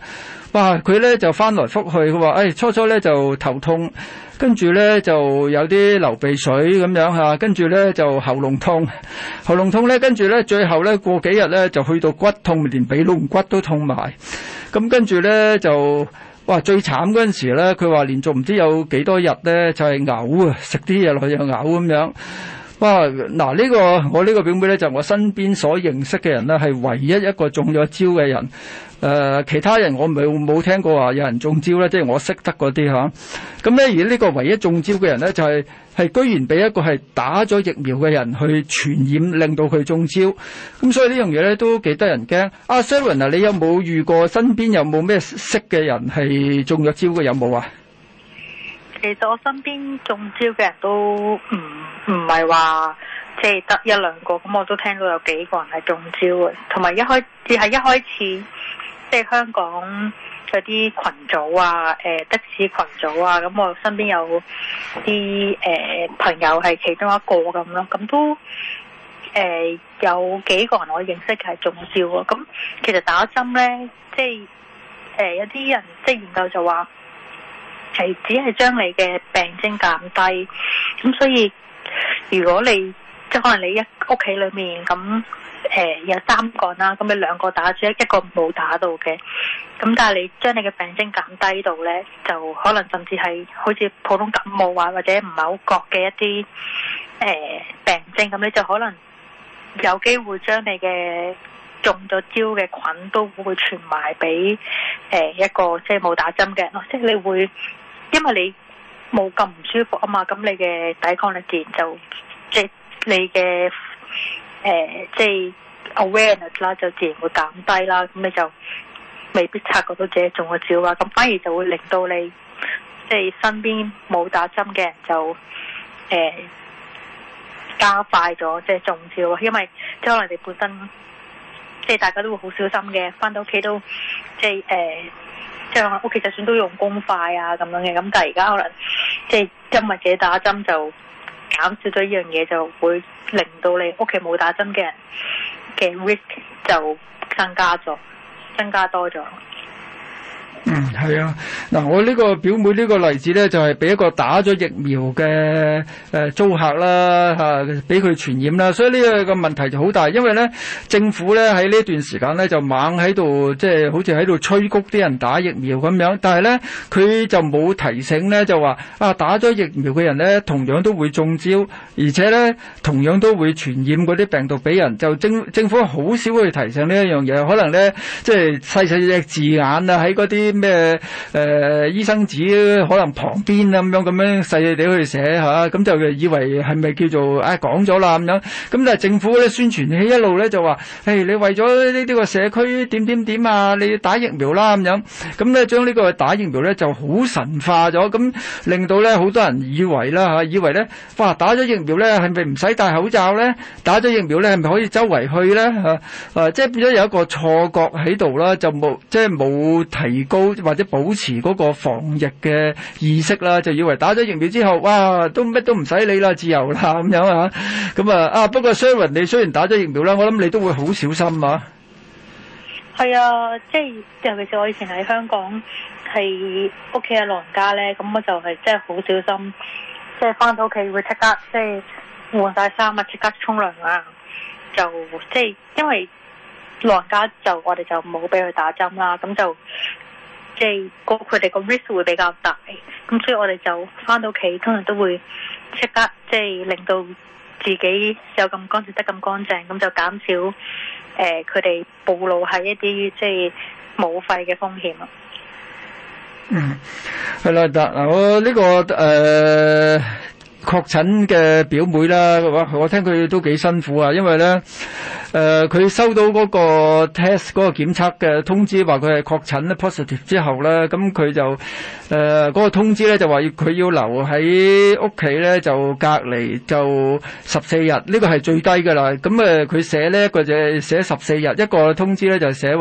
哇！佢咧就翻來覆去，佢話誒初初咧就頭痛。跟住咧就有啲流鼻水咁樣嚇，跟住咧就喉嚨痛，喉嚨痛咧，跟住咧最後咧過幾日咧就去到骨痛，連鼻窿骨都痛埋。咁跟住咧就哇最慘嗰陣時咧，佢話連續唔知有幾多日咧就係嘔啊，食啲嘢落去就嘔咁樣。哇！嗱、這個，呢個我呢個表妹咧，就是、我身邊所認識嘅人咧，係唯一一個中咗招嘅人。誒、呃，其他人我冇冇聽過話有人中招咧，即係我識得嗰啲嚇。咁咧而呢個唯一中招嘅人咧，就係、是、係居然俾一個係打咗疫苗嘅人去傳染，令到佢中招。咁、啊、所以呢樣嘢咧都幾得人驚。阿、啊、Sharon、啊啊、你有冇遇過身邊有冇咩識嘅人係中咗招嘅有冇啊？其實我身邊中招嘅人都唔唔係話即係得一兩個，咁我都聽到有幾個人係中招嘅，同埋一開只係一開始，即係、就是、香港嗰啲群組啊，誒、呃、的士群組啊，咁我身邊有啲誒、呃、朋友係其中一個咁咯，咁都誒、呃、有幾個人我認識係中招啊，咁其實打針咧，即係誒有啲人即係、就是、研究就話。係只係將你嘅病徵減低，咁所以如果你即係可能你一屋企裏面咁誒、呃、有三個啦，咁你兩個打住，一個冇打到嘅，咁但係你將你嘅病徵減低到咧，就可能甚至係好似普通感冒啊，或者唔係好覺嘅一啲誒、呃、病徵，咁你就可能有機會將你嘅中咗招嘅菌都會傳埋俾誒一個即係冇打針嘅人咯，即係你會。因為你冇咁唔舒服啊嘛，咁你嘅抵抗力自然就即係你嘅誒、呃，即係 awareness 啦，就自然會減低啦。咁你就未必察覺到自己中咗招啊。咁反而就會令到你即係身邊冇打針嘅人就誒、呃、加快咗即係中招啊。因為即係可能你本身即係大家都會好小心嘅，翻到屋企都即係誒。呃即係我屋企就算都用公筷啊，咁樣嘅，咁但係而家可能即係今日嘅打針就減少咗呢樣嘢，就會令到你屋企冇打針嘅人嘅 risk 就增加咗，增加多咗。嗯，係啊，嗱，我呢個表妹呢個例子咧，就係俾一個打咗疫苗嘅，誒租客啦吓，俾佢傳染啦，所以呢個問題就好大，因為咧政府咧喺呢段時間咧就猛喺度，即係好似喺度催谷啲人打疫苗咁樣，但係咧佢就冇提醒咧，就話啊打咗疫苗嘅人咧同樣都會中招，而且咧同樣都會傳染嗰啲病毒俾人，就政政府好少去提醒呢一樣嘢，可能咧即係細細隻字眼啊，喺嗰啲。咩？誒醫生紙可能旁邊啦，咁樣咁樣細細地去寫嚇，咁就以為係咪叫做誒講咗啦咁樣。咁但係政府咧宣傳器一路咧就話，誒你為咗呢啲個社區點點點啊，你要打疫苗啦咁樣。咁咧將呢個打疫苗咧就好神化咗，咁令到咧好多人以為啦嚇，以為咧哇打咗疫苗咧係咪唔使戴口罩咧？打咗疫苗咧係咪可以周圍去咧嚇？啊，即係變咗有一個錯覺喺度啦，就冇即係冇提高。或者保持嗰個防疫嘅意識啦，就以為打咗疫苗之後，哇，都乜都唔使理啦，自由啦咁樣啊，咁啊啊！不過 Sharon，你雖然打咗疫苗啦，我諗你都會好小心啊。係啊，即係尤其是我以前喺香港係屋企嘅老人家咧，咁我就係真係好小心，即係翻到屋企會即刻即係換晒衫啊，即刻沖涼啊，就即係因為老人家就我哋就冇俾佢打針啦，咁就。即係過佢哋個 risk 會比較大，咁所以我哋就翻到屋企通常都會即刻，即係令到自己有咁乾淨得咁乾淨，咁就減少誒佢哋暴露喺一啲即係冇肺嘅風險咯。嗯，係啦，得嗱我呢、這個誒。呃確診嘅表妹啦，我聽佢都幾辛苦，因為呢佢收到嗰個 test 嗰個檢測嘅通知話佢係確診呢 positive，之後佢就嗰個通知就話佢要留喺屋企隔離十四日，呢個係最低㗎啦，佢寫十四日一個通知就寫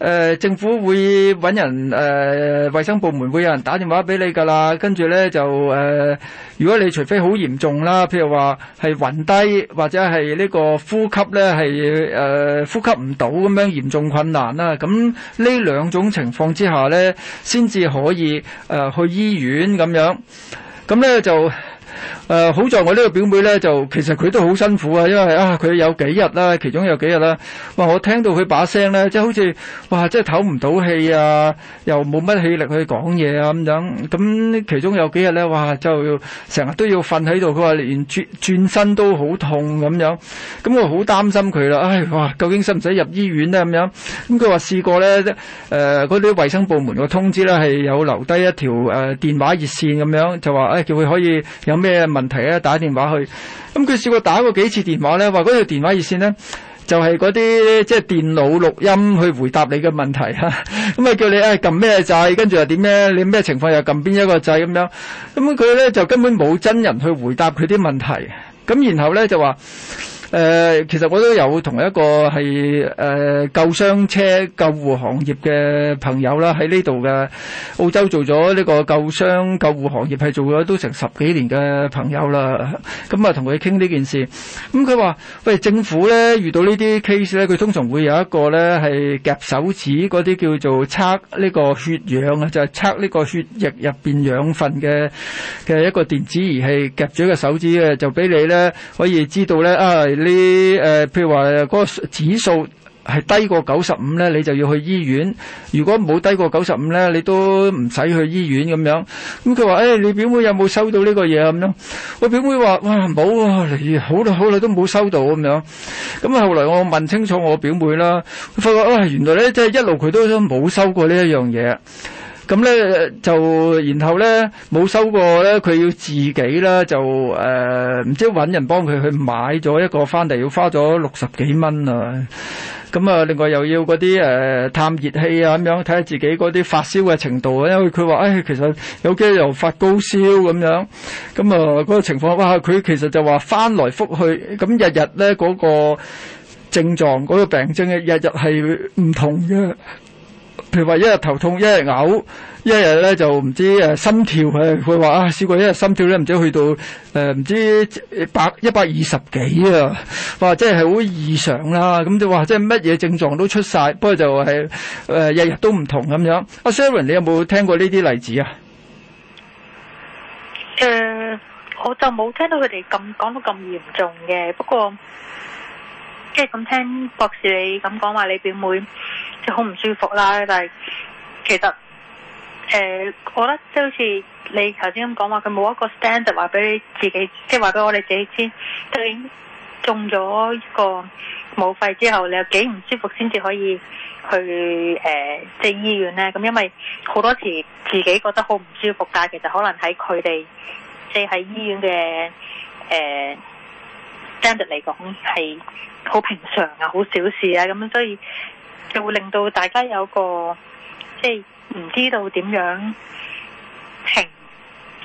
誒、呃、政府會揾人，誒、呃、衞生部門會有人打電話俾你㗎啦。跟住咧就誒、呃，如果你除非好嚴重啦，譬如話係暈低或者係呢個呼吸咧係、呃、呼吸唔到咁樣嚴重困難啦，咁呢兩種情況之下咧，先至可以、呃、去醫院咁樣。咁咧就。誒，好在我呢個表妹咧，就其實佢都好辛苦啊，因為係啊，佢有幾日啦，其中有幾日啦，哇，我聽到佢把聲咧，即係好似哇，真係唞唔到氣啊，又冇乜氣力去講嘢啊咁樣。咁其中有幾日咧，哇，就成日都要瞓喺度，佢話連轉轉身都好痛咁樣。咁我好擔心佢啦，唉哇，究竟使唔使入醫院咧咁樣？咁佢話試過咧，誒，嗰啲衛生部門個通知咧係有留低一條誒電話熱線咁樣，就話誒叫佢可以有咩問題呀？打電話去，咁佢試過打過幾次電話咧，話嗰條電話熱線咧就係嗰啲即係電腦錄音去回答你嘅問題啊，咁啊叫你誒撳咩掣，跟住又點咧？你咩情況又撳邊一個掣咁樣？咁佢咧就根本冇真人去回答佢啲問題，咁然後咧就話。誒，其實我都有同一個係誒救傷車救護行業嘅朋友啦，喺呢度嘅澳洲做咗呢個救傷救護行業係做咗都成十幾年嘅朋友啦。咁啊，同佢傾呢件事，咁佢話：喂，政府咧遇到呢啲 case 咧，佢通常會有一個咧係夾手指嗰啲叫做測呢個血氧啊，就係測呢個血液入邊養分嘅嘅一個電子儀器，夾咗一個手指咧，就俾你咧可以知道咧啊。你誒、呃、譬如話嗰個指數係低過九十五咧，你就要去醫院；如果冇低過九十五咧，你都唔使去醫院咁樣。咁佢話：誒，你表妹有冇收到呢個嘢啊？咁樣，我表妹話：哇、哎，冇、啊，好耐好耐都冇收到咁樣。咁後來我問清楚我表妹啦，佢發覺啊、哎，原來咧即係一路佢都冇收過呢一樣嘢。咁咧就然後咧冇收過咧，佢要自己啦，就誒唔知揾人幫佢去買咗一個翻嚟，要花咗六十幾蚊啊！咁啊，另外又要嗰啲誒探熱氣啊咁樣，睇下自己嗰啲發燒嘅程度，因為佢話誒其實有機又發高燒咁樣，咁啊嗰個情況哇，佢其實就話翻來覆去，咁日日咧嗰個症狀嗰個病徵咧日日係唔同嘅。譬如話一日頭痛，一日嘔，一日咧就唔知誒心跳，佢話啊，試過一日心跳咧，唔知去到誒唔知百一百二十幾啊，話、啊、即係好異常啦。咁就話，話即係乜嘢症狀都出晒，不過就係誒日日都唔同咁樣。阿、啊、Sharon，你有冇聽過呢啲例子啊？誒、呃，我就冇聽到佢哋咁講到咁嚴重嘅，不過即係咁聽博士你咁講話，你表妹。即好唔舒服啦，但係其實誒、呃，我覺得即係好似你頭先咁講話，佢冇一個 standard 話俾你自己，即係話俾我哋自己知，究竟中咗一個武肺之後，你有幾唔舒服先至可以去誒，即、呃、係醫院咧。咁因為好多時自己覺得好唔舒服，但其實可能喺佢哋即係喺醫院嘅誒、呃、standard 嚟講係好平常啊，好小事啊，咁所以。就會令到大家有個即係唔知道點樣停，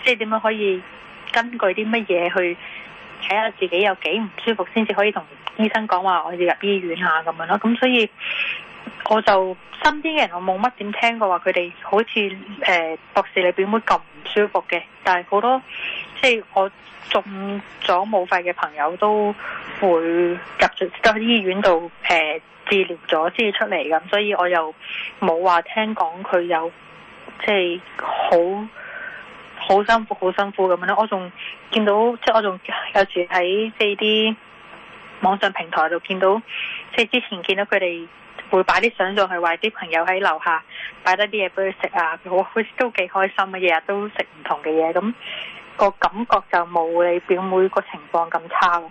即係點樣可以根據啲乜嘢去睇下自己有幾唔舒服，先至可以同醫生講話我要入醫院啊咁樣咯。咁所以。我就身邊嘅人，我冇乜點聽過話佢哋好似誒、呃、博士你表妹咁唔舒服嘅，但係好多即係我中咗武肺嘅朋友都會入咗入醫院度誒、呃、治療咗，之後出嚟咁，所以我又冇話聽講佢有即係好好辛苦、好辛苦咁樣咧。我仲見到即係我仲有時喺即係啲網上平台度見到，即係之前見到佢哋。會擺啲相上去，或者啲朋友喺樓下擺得啲嘢俾佢食啊，佢好似都幾開心啊，日日都食唔同嘅嘢，咁個感覺就冇你表妹個情況咁差。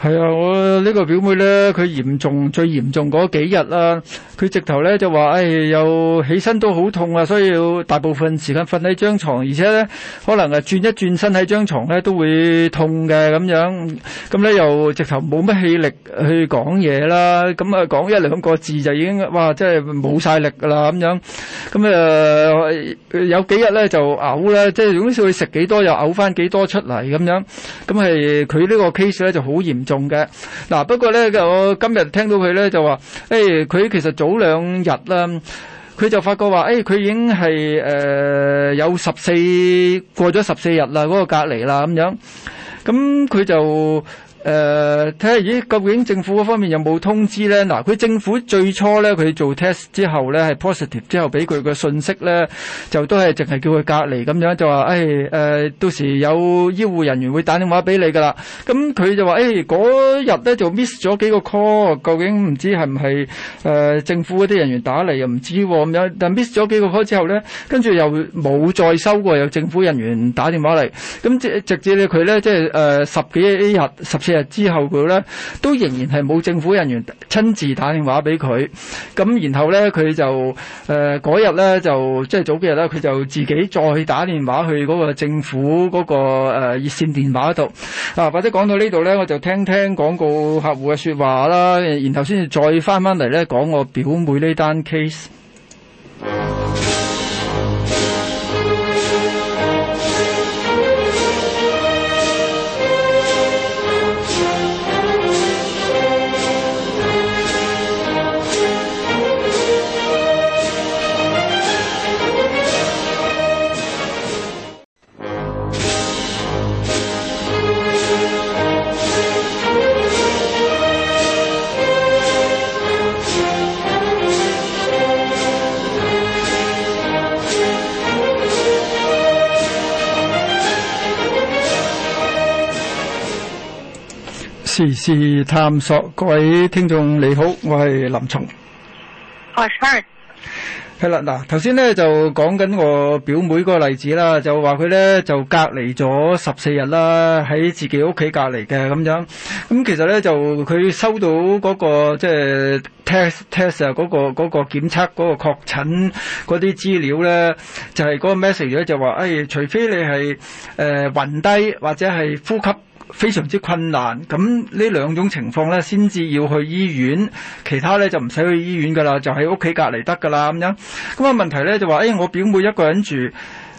係啊，我呢個表妹咧，佢嚴重最嚴重嗰幾日啦，佢直頭咧就話，唉，又起身都好痛啊，所以要大部分時間瞓喺張床，而且咧可能啊轉一轉身喺張床咧都會痛嘅咁樣，咁咧又直頭冇乜氣力去講嘢啦，咁啊講一兩個字就已經哇，即係冇晒力噶啦咁樣，咁啊有幾日咧就嘔啦，即係總之會食幾多又嘔翻幾多出嚟，咁樣，咁係佢呢個 case。咧就好嚴重嘅嗱，不過咧我今日聽到佢咧就話誒，佢、欸、其實早兩日啦，佢就發覺話誒，佢、欸、已經係誒、呃、有十四過咗十四日啦，嗰、那個隔離啦咁樣，咁佢就。誒睇下咦，究竟政府方面有冇通知咧？嗱，佢政府最初咧，佢做 test 之後咧係 positive 之後，俾佢個信息咧就都係淨係叫佢隔離咁樣就，就話誒誒到時有醫護人員會打電話俾你㗎啦。咁佢就話誒嗰日咧就 miss 咗幾個 call，究竟唔知係唔係誒政府嗰啲人員打嚟又唔知咁、啊、樣，但 miss 咗幾個 call 之後咧，跟住又冇再收過有政府人員打電話嚟，咁直直至咧佢咧即係誒、呃、十幾日十四日之後佢咧都仍然係冇政府人員親自打電話俾佢，咁然後呢，佢就誒嗰日呢，就即係早幾日呢，佢就自己再打電話去嗰個政府嗰個誒熱線電話度啊。或者講到呢度呢，我就聽聽廣告客戶嘅說話啦，然後先至再翻翻嚟呢，講我表妹呢單 case。時事探索，各位聽眾你好，我係林松。Hi，Sharon。 [NOISE] 係啦。嗱，頭先呢就講緊我表妹個例子啦，就話佢呢就隔離咗十四日啦，喺自己屋企隔離嘅。噉樣，噉其實呢就佢收到嗰個即係 test test 啊，嗰個嗰個檢測嗰個確診嗰啲資料呢，就係嗰個 message 呢就話，誒，除非你係誒暈低或者係呼吸非常之困難，咁呢兩種情況咧，先至要去醫院，其他咧就唔使去醫院㗎啦，就喺屋企隔離得㗎啦咁樣。咁啊問題咧就話，誒、哎、我表妹一個人住。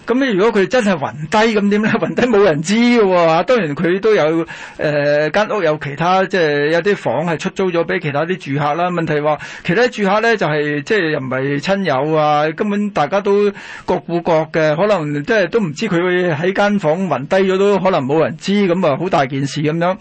咁你如果佢真係暈低咁點咧？暈低冇人知嘅喎、啊，當然佢都有誒、呃、間屋有其他即係有啲房係出租咗俾其他啲住客啦。問題話其他住客咧就係、是、即係又唔係親友啊，根本大家都各顧各嘅，可能即係都唔知佢會喺間房暈低咗都可能冇人知，咁啊好大件事咁樣。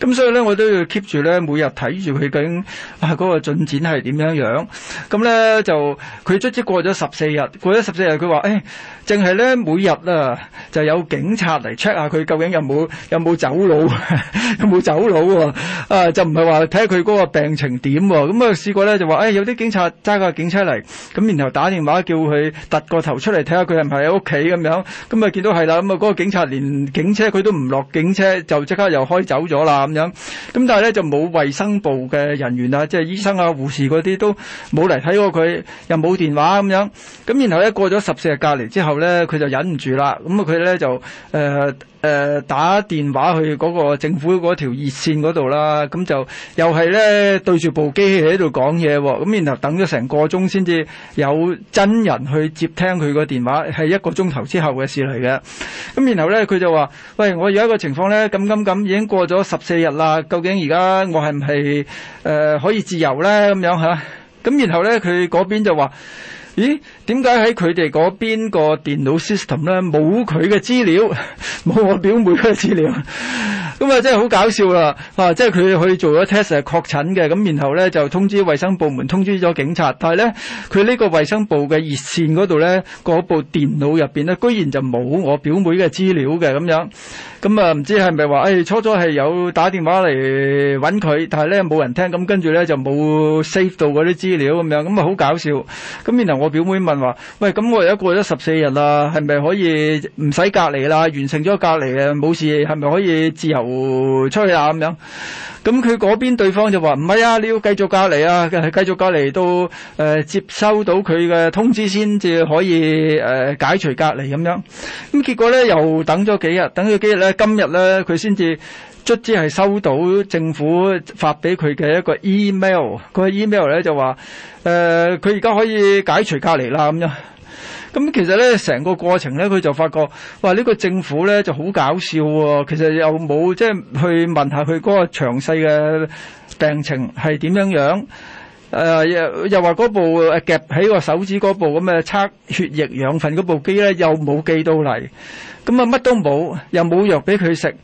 咁所以咧，我都要 keep 住咧，每日睇住佢究竟啊嗰、那個進展係點樣樣咁咧就佢卒之過咗十四日，過咗十四日佢話誒淨係咧。咧每日啊，就有警察嚟 check 下佢究竟有冇有冇走佬，有冇走佬 [LAUGHS] 啊，啊，就唔係話睇下佢嗰個病情點喎？咁啊試過咧就話，誒、哎、有啲警察揸架警車嚟，咁然後打電話叫佢突個頭出嚟睇下佢係唔係喺屋企咁樣，咁啊見到係啦，咁啊嗰個警察連警車佢都唔落警車，就即刻又開走咗啦咁樣。咁但係咧就冇衛生部嘅人員啊，即係醫生啊、護士嗰啲都冇嚟睇過佢，又冇電話咁樣。咁然後咧過咗十四日隔離之後咧。佢就忍唔住啦，咁啊佢咧就誒誒、呃呃、打電話去嗰個政府嗰條熱線嗰度啦，咁就又係咧對住部機器喺度講嘢喎，咁然後等咗成個鐘先至有真人去接聽佢個電話，係一個鐘頭之後嘅事嚟嘅。咁然後咧佢就話：「喂，我而家個情況咧，咁咁咁已經過咗十四日啦，究竟而家我係唔係誒可以自由咧？咁樣嚇。咁、啊、然後咧佢嗰邊就話：「咦？點解喺佢哋嗰邊個電腦 system 咧，冇佢嘅資料，冇我表妹嘅資料，咁啊真係好搞笑啦！啊，即係佢去做咗 test 係確診嘅，咁然後咧就通知衛生部門，通知咗警察，但係咧佢呢個衛生部嘅熱線嗰度咧，部電腦入邊咧，居然就冇我表妹嘅資料嘅咁樣，咁啊唔知係咪話，誒、哎、初初係有打電話嚟搵佢，但係咧冇人聽，咁跟住咧就冇 save 到嗰啲資料咁樣，咁啊好搞笑，咁然後我表妹問。話喂，咁我而家過咗十四日啦，係咪可以唔使隔離啦？完成咗隔離冇事，係咪可以自由出去啊？咁樣，咁佢嗰邊對方就話唔係啊，你要繼續隔離啊，繼續隔離到誒、呃、接收到佢嘅通知先至可以誒、呃、解除隔離咁樣。咁結果咧又等咗幾日，等咗幾日咧，今日咧佢先至。卒之係收到政府發俾佢嘅一個 email，佢個 email 咧就話：誒、呃，佢而家可以解除隔離啦咁樣。咁其實咧，成個過程咧，佢就發覺哇，呢、這個政府咧就好搞笑喎、哦。其實又冇即係去問下佢嗰個詳細嘅病情係點樣樣誒、呃？又又話嗰部夾喺個手指嗰部咁嘅測血液氧分嗰部機咧，又冇寄到嚟咁啊，乜都冇，又冇藥俾佢食。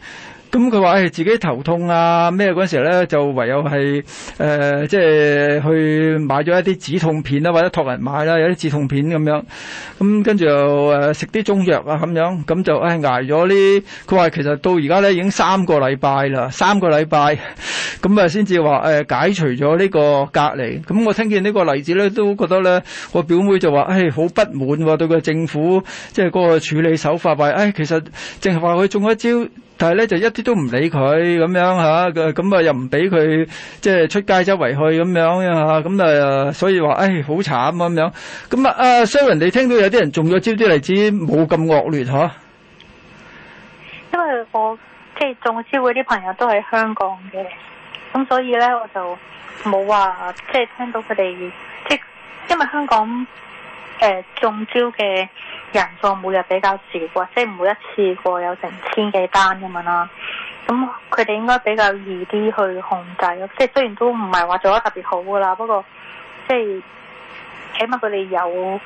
咁佢話：誒自己頭痛啊，咩嗰陣時咧就唯有係誒，即、呃、係、就是、去買咗一啲止痛片啦，或者託人買啦，有啲止痛片咁樣。咁跟住又、呃、食啲中藥啊，咁樣咁、嗯、就誒挨咗呢。佢話其實到而家咧已經三個禮拜啦，三個禮拜咁啊，先至話解除咗呢個隔離。咁、嗯、我聽見呢個例子咧，都覺得咧，我表妹就話：誒、哎、好不滿喎、啊，對個政府即係嗰個處理手法，話、哎、誒其實淨係話佢中咗一招。但係咧就一啲都唔理佢咁樣吓，咁啊又唔俾佢即係出街周圍去咁樣吓，咁啊所以話，唉好慘咁樣，咁啊啊雖然你聽到有啲人中咗招啲例子冇咁惡劣吓，因為我即係中招嗰啲朋友都喺香港嘅，咁所以咧我就冇話即係聽到佢哋即係因為香港誒中招嘅。人數每日比較少，或者唔會每一次過有成千幾單咁樣啦。咁佢哋應該比較易啲去控制，即係雖然都唔係話做得特別好噶啦，不過即係起碼佢哋有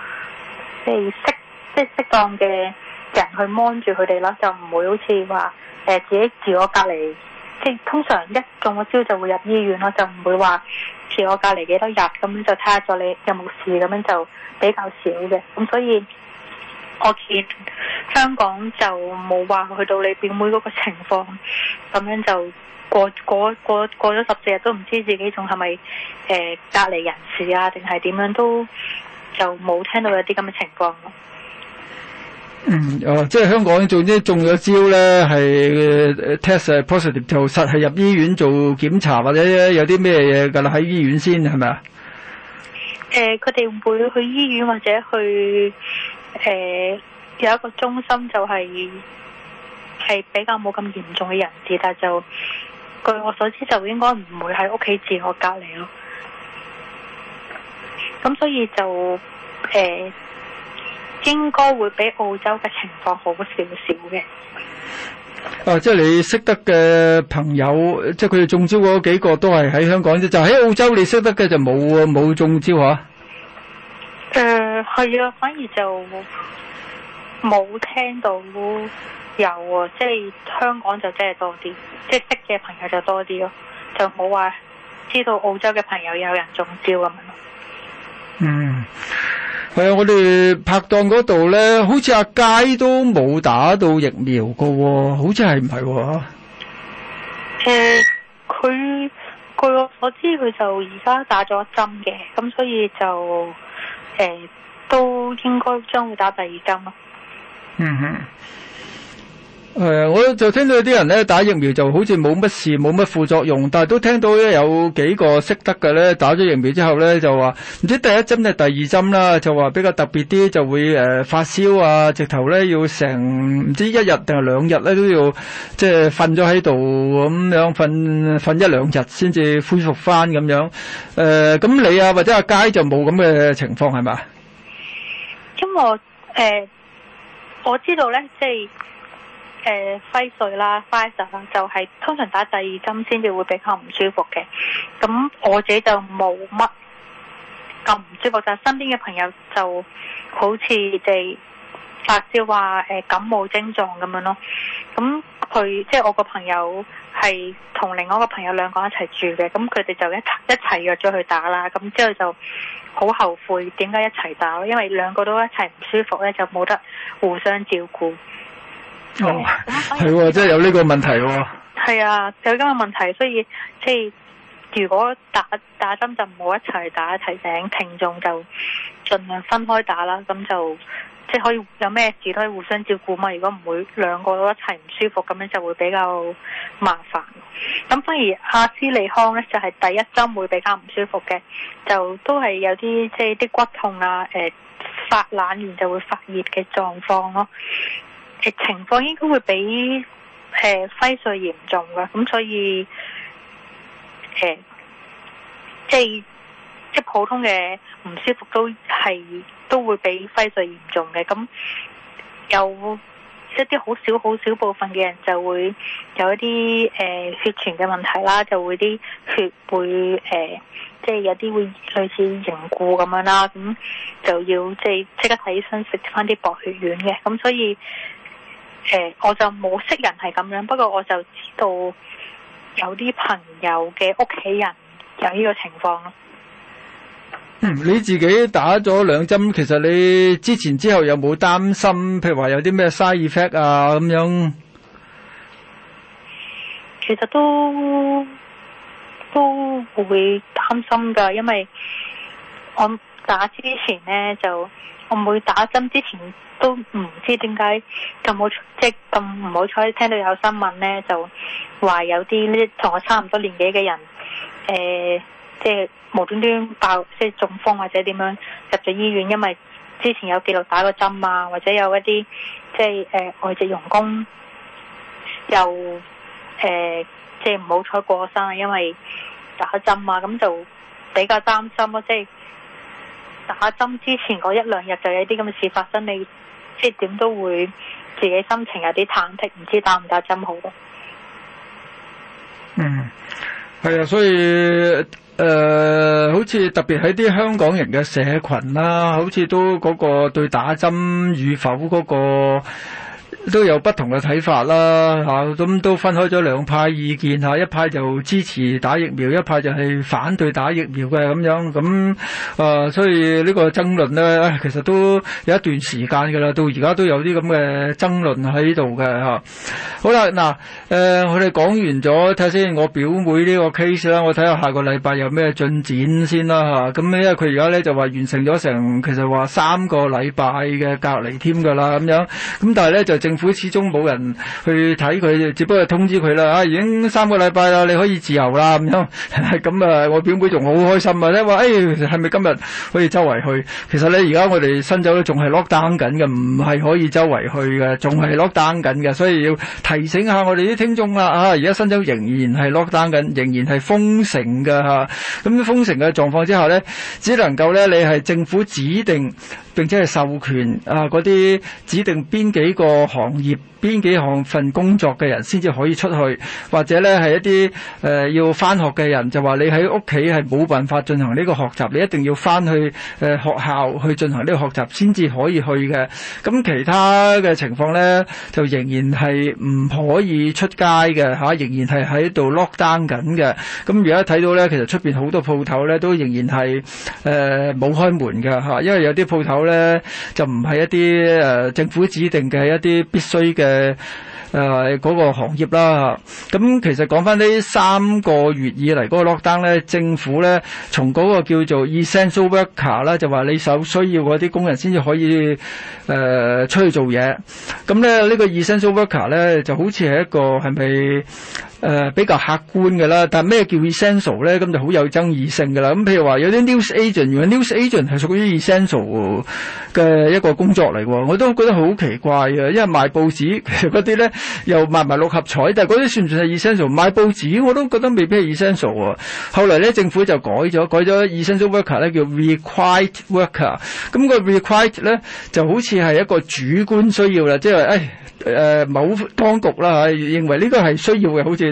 即係適即係適當嘅人去 mon 住佢哋啦，就唔會好似話誒自己自我隔離。即係通常一中咗招就會入醫院咯，就唔會話自我隔離幾多日咁就睇下在你有冇事咁樣就比較少嘅。咁所以。我見香港就冇話去到你表妹嗰個情況，咁樣就過過過過咗十四日都唔知自己仲係咪誒隔離人士啊，定係點樣都就冇聽到有啲咁嘅情況咯。嗯，哦，即係香港做啲中咗招咧，係、呃、test positive，就實係入醫院做檢查，或者有啲咩嘢噶啦，喺醫院先係咪啊？誒，佢哋會去醫院或者去。誒、呃，有一個中心就係、是、係比較冇咁嚴重嘅人士，但係就據我所知就應該唔會喺屋企自我隔離咯。咁所以就誒、呃，應該會比澳洲嘅情況好少少嘅。啊，即係你識得嘅朋友，即係佢哋中招嗰幾個都係喺香港啫，就喺澳洲你識得嘅就冇冇中招吓、啊。誒、呃，係啊，反而就冇聽到有啊，即係香港就真係多啲，即係識嘅朋友就多啲咯、啊，就冇話知道澳洲嘅朋友有人中招咁樣咯。嗯，係啊，我哋拍檔嗰度咧，好似阿佳都冇打到疫苗噶、啊，好似係唔係？佢、呃、佢據我所知，佢就而家打咗針嘅，咁所以就。誒，都應該將會打第二針咯。嗯哼。誒，我就聽到啲人咧打疫苗就好似冇乜事，冇乜副作用，但係都聽到咧有幾個識得嘅咧打咗疫苗之後咧就話唔知第一針定係第二針啦，就話比較特別啲，就會誒發燒啊，直頭咧要成唔知一日定係兩日咧都要即係瞓咗喺度咁樣瞓瞓一兩日先至恢復翻咁樣。誒，咁你啊或者阿佳就冇咁嘅情況係咪？因為我誒我知道咧即係。誒、呃，輝瑞啦，輝瑞啦，就係、是、通常打第二針先至會比較唔舒服嘅。咁我自己就冇乜咁唔舒服，但係身邊嘅朋友就好似地發燒話誒感冒症狀咁樣咯。咁佢即係我個朋友係同另外一個朋友兩個一齊住嘅，咁佢哋就一一齊約咗去打啦。咁之後就好後悔點解一齊打，因為兩個都一齊唔舒服咧，就冇得互相照顧。哦，係、嗯、喎，即係有呢個問題喎。係啊，有咁嘅問題，所以即係、就是、如果打打針就唔好一齊打，提醒聽眾就盡量分開打啦。咁就即係、就是、可以有咩事都可以互相照顧嘛。如果唔會兩個都一齊唔舒服，咁樣就會比較麻煩。咁反而阿斯利康咧就係、是、第一針會比較唔舒服嘅，就都係有啲即係啲骨痛啊，誒、呃、發冷然就會發熱嘅狀況咯。嘅情況應該會比誒輝瑞嚴重嘅，咁所以誒、呃、即係即係普通嘅唔舒服都係都會比輝瑞嚴重嘅，咁有一啲好少好少部分嘅人就會有一啲誒、呃、血栓嘅問題啦，就會啲血會誒、呃、即係有啲會類似凝固咁樣啦，咁就要即係即刻睇醫生食翻啲薄血丸嘅，咁所以。誒，我就冇識人係咁樣，不過我就知道有啲朋友嘅屋企人有呢個情況咯，嗯。你自己打咗兩針，其實你之前之後有冇擔心？譬如話有啲咩 side effect 啊咁樣？其實都都會擔心噶，因為我打之前咧就。我唔會打針之前都唔知點解咁好，即係咁唔好彩，聽到有新聞咧，就話有啲同我差唔多年紀嘅人，誒、呃，即係無端端爆，即係中風或者點樣入咗醫院，因為之前有記錄打過針啊，或者有一啲即係誒外籍傭工又誒，即係唔好彩過身啊，因為打針啊，咁就比較擔心咯，即係。打針之前嗰一兩日就有啲咁嘅事發生，你即係點都會自己心情有啲忐忑，唔知打唔打針好咯。嗯，係啊，所以誒、呃，好似特別喺啲香港人嘅社群啦、啊，好似都嗰個對打針與否嗰、個。都有不同嘅睇法啦，吓、啊、咁、啊、都分開咗兩派意見吓，一派就支持打疫苗，一派就係反對打疫苗嘅咁樣，咁啊，所以呢個爭論咧，其實都有一段時間㗎啦，到而家都有啲咁嘅爭論喺度嘅吓，好啦，嗱、啊，誒佢哋講完咗睇下先，看看我表妹呢個 case 啦，我睇下下個禮拜有咩進展先啦嚇。咁、啊、因為佢而家咧就話完成咗成，其實話三個禮拜嘅隔離添㗎啦咁樣，咁但係咧就正。政府始終冇人去睇佢，只不過通知佢啦。啊，已經三個禮拜啦，你可以自由啦咁樣。咁啊，啊，我表妹仲好開心啊！咧話，誒係咪今日可以周圍去？其實咧，而家我哋新州咧仲係 lock down 緊嘅，唔係可以周圍去嘅，仲係 lock down 緊嘅。所以要提醒下我哋啲聽眾啦，啊，而家新州仍然係 lock down 緊，仍然係封城㗎。啊，咁封城嘅狀況之下咧，只能夠咧，你係政府指定。並且係授權啊，嗰啲指定邊幾個行業。邊幾項份工作嘅人先至可以出去，或者呢，係一啲誒要返學嘅人，就話你喺屋企係冇辦法進行呢個學習，你一定要返去誒學校去進行呢個學習先至可以去嘅。咁其他嘅情況呢，就仍然係唔可以出街嘅嚇、啊，仍然係喺度 lockdown 緊嘅。咁而家睇到呢，其實出邊好多鋪頭呢，都仍然係誒冇開門嘅嚇、啊，因為有啲鋪頭呢，就唔係一啲誒、呃、政府指定嘅一啲必須嘅。誒、呃、誒，嗰、那個行業啦，咁其實講翻呢三個月以嚟嗰個 lockdown 咧，政府咧從嗰個叫做 essential worker 啦，就話你所需要嗰啲工人先至可以誒、呃、出去做嘢，咁咧呢個 essential worker 咧就好似係一個係咪？是不是誒、呃、比較客觀嘅啦，但係咩叫 essential 咧？咁就好有爭議性嘅啦。咁、嗯、譬如話，有啲 news agent，原來 news agent 係屬於 essential 嘅一個工作嚟喎，我都覺得好奇怪啊！因為賣報紙嗰啲咧，又賣埋六合彩，但係啲算唔算係 essential？賣報紙我都覺得未必係 essential 喎、啊。後來咧，政府就改咗，改咗 essential worker 咧叫 required worker。咁個 required 咧就好似係一個主觀需要啦，即係話誒誒某當局啦嚇認為呢個係需要嘅，好似。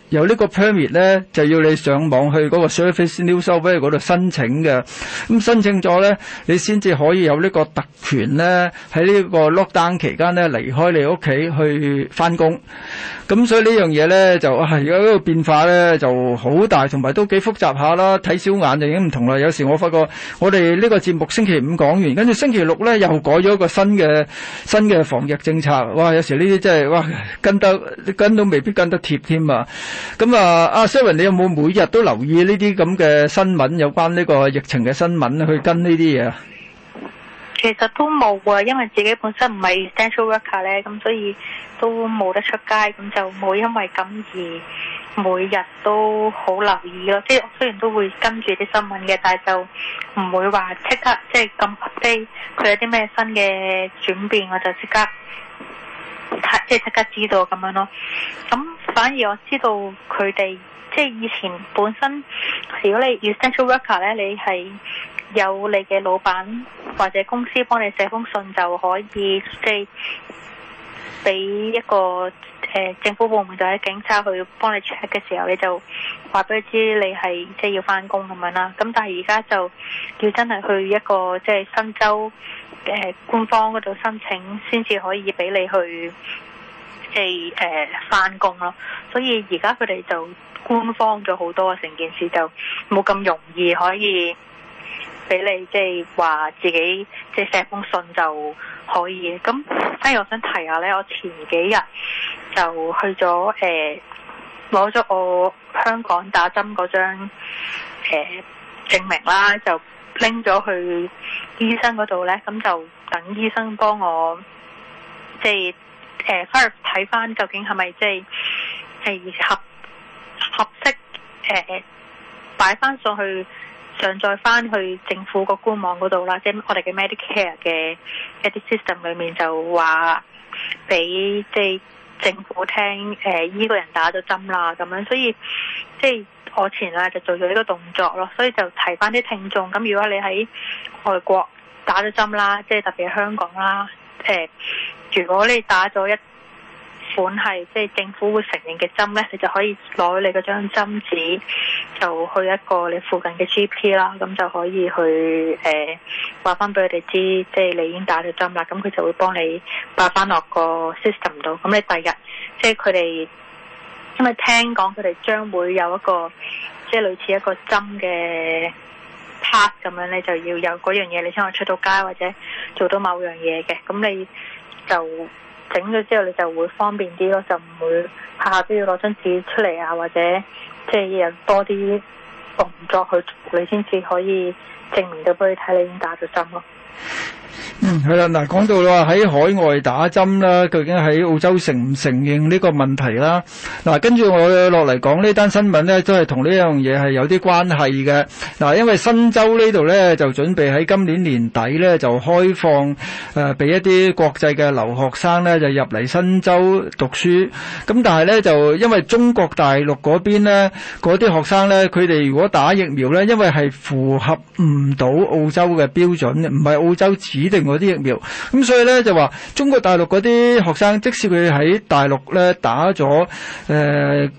由呢個 permit 咧，就要你上網去嗰個 Service NSW 俾嗰度申請嘅。咁申請咗咧，你先至可以有呢個特權咧，喺呢個 lockdown 期間咧，離開你屋企去翻工。咁所以呢樣嘢咧，就係而家呢個變化咧，就好大，同埋都幾複雜下啦。睇少眼就已經唔同啦。有時我發覺，我哋呢個節目星期五講完，跟住星期六咧又改咗一個新嘅新嘅防疫政策。哇！有時呢啲真係哇，跟得跟都未必跟得貼添啊～咁啊，阿 Sharon，你有冇每日都留意呢啲咁嘅新聞，有關呢個疫情嘅新聞去跟呢啲嘢啊？其實都冇啊，因為自己本身唔係 essential worker 咧，咁所以都冇得出街，咁就冇因為咁而每日都好留意咯。即係雖然都會跟住啲新聞嘅，但係就唔會話即刻即係咁 update 佢有啲咩新嘅轉變，我就即刻即係即刻知道咁樣咯。咁。反而我知道佢哋即係以前本身，如果你 essential worker 咧，你係有你嘅老闆或者公司幫你寫封信就可以，即係俾一個誒、呃、政府部門或者警察去幫你 check 嘅時候，你就話俾佢知你係即係要翻工，咁樣啦。咁但係而家就要真係去一個即係新州誒官方度申請，先至可以俾你去。即係誒，翻工咯，所以而家佢哋就官方咗好多啊，成件事就冇咁容易可以俾你即係話自己即係寫封信就可以。咁反而我想提下咧，我前幾日就去咗誒，攞、呃、咗我香港打針嗰張誒證明啦，就拎咗去醫生嗰度咧，咁就等醫生幫我即係。誒，翻去睇翻究竟係咪即係係合合適誒、呃、擺翻上去上載翻去政府個官網嗰度啦，即係我哋嘅 Medicare 嘅一啲 system 裏面就話俾即係政府聽誒，依個人打咗針啦咁樣，所以即係我前啊就做咗呢個動作咯，所以就提翻啲聽眾。咁如果你喺外國打咗針啦，即係特別香港啦誒。呃如果你打咗一款係即係政府會承認嘅針呢，你就可以攞你嗰張針紙，就去一個你附近嘅 GP 啦，咁就可以去誒話翻俾佢哋知，即係你已經打咗針啦，咁佢就會幫你擺翻落個 system 度。咁你第二日，即係佢哋因為聽講佢哋將會有一個即係類似一個針嘅 part，咁樣，你就要有嗰樣嘢你先可以出到街或者做到某樣嘢嘅，咁你。就整咗之後，你就會方便啲咯，就唔會下下都要攞張紙出嚟啊，或者即係又多啲動作去，你先至可以證明到俾佢睇你已經打咗針咯。嗯，係啦，嗱，講到話喺海外打針啦，究竟喺澳洲承唔承認呢個問題啦？嗱，跟住我落嚟講呢單新聞咧，都係同呢樣嘢係有啲關係嘅。嗱，因為新州呢度咧就準備喺今年年底咧就開放誒，俾一啲國際嘅留學生咧就入嚟新州讀書。咁但係咧就因為中國大陸嗰邊咧，嗰啲學生咧，佢哋如果打疫苗咧，因為係符合唔到澳洲嘅標準，唔係澳洲指定。定嗰啲疫苗，咁所以咧就話中國大陸嗰啲學生，即使佢喺大陸咧打咗誒。呃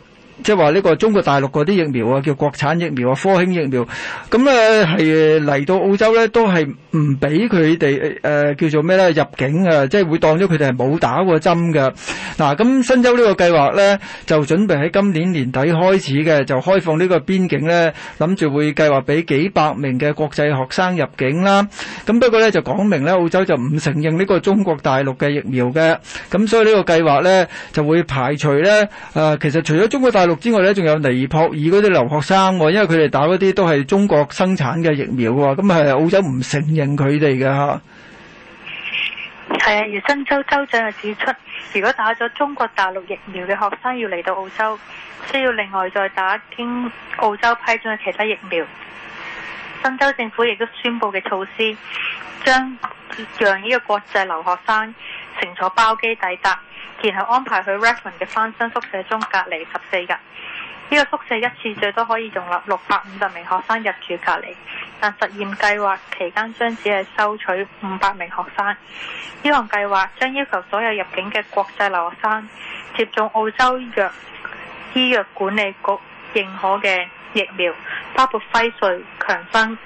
即係話呢個中國大陸嗰啲疫苗啊，叫國產疫苗啊，科興疫苗，咁咧係嚟到澳洲咧都係唔俾佢哋誒叫做咩咧入境啊，即係會當咗佢哋係冇打過針嘅。嗱，咁新州呢個計劃咧就準備喺今年年底開始嘅，就開放呢個邊境咧，諗住會計劃俾幾百名嘅國際學生入境啦。咁不過咧就講明咧，澳洲就唔承認呢個中國大陸嘅疫苗嘅，咁所以呢個計劃咧就會排除咧誒、呃、其實除咗中國大陸。之外咧，仲有尼泊爾嗰啲留學生，因為佢哋打嗰啲都係中國生產嘅疫苗啊，咁係澳洲唔承認佢哋嘅吓。係啊，而新州州長就指出，如果打咗中國大陸疫苗嘅學生要嚟到澳洲，需要另外再打經澳洲批准嘅其他疫苗。新州政府亦都宣布嘅措施，將讓呢個國際留學生乘坐包機抵達。然後安排去 Redfern 嘅翻新宿舍中隔離十四日。呢、這個宿舍一次最多可以容納六百五十名學生入住隔離。但實驗計劃期間將只係收取五百名學生。呢項計劃將要求所有入境嘅國際留學生接種澳洲藥醫藥管理局認可嘅疫苗，包括輝瑞、強生、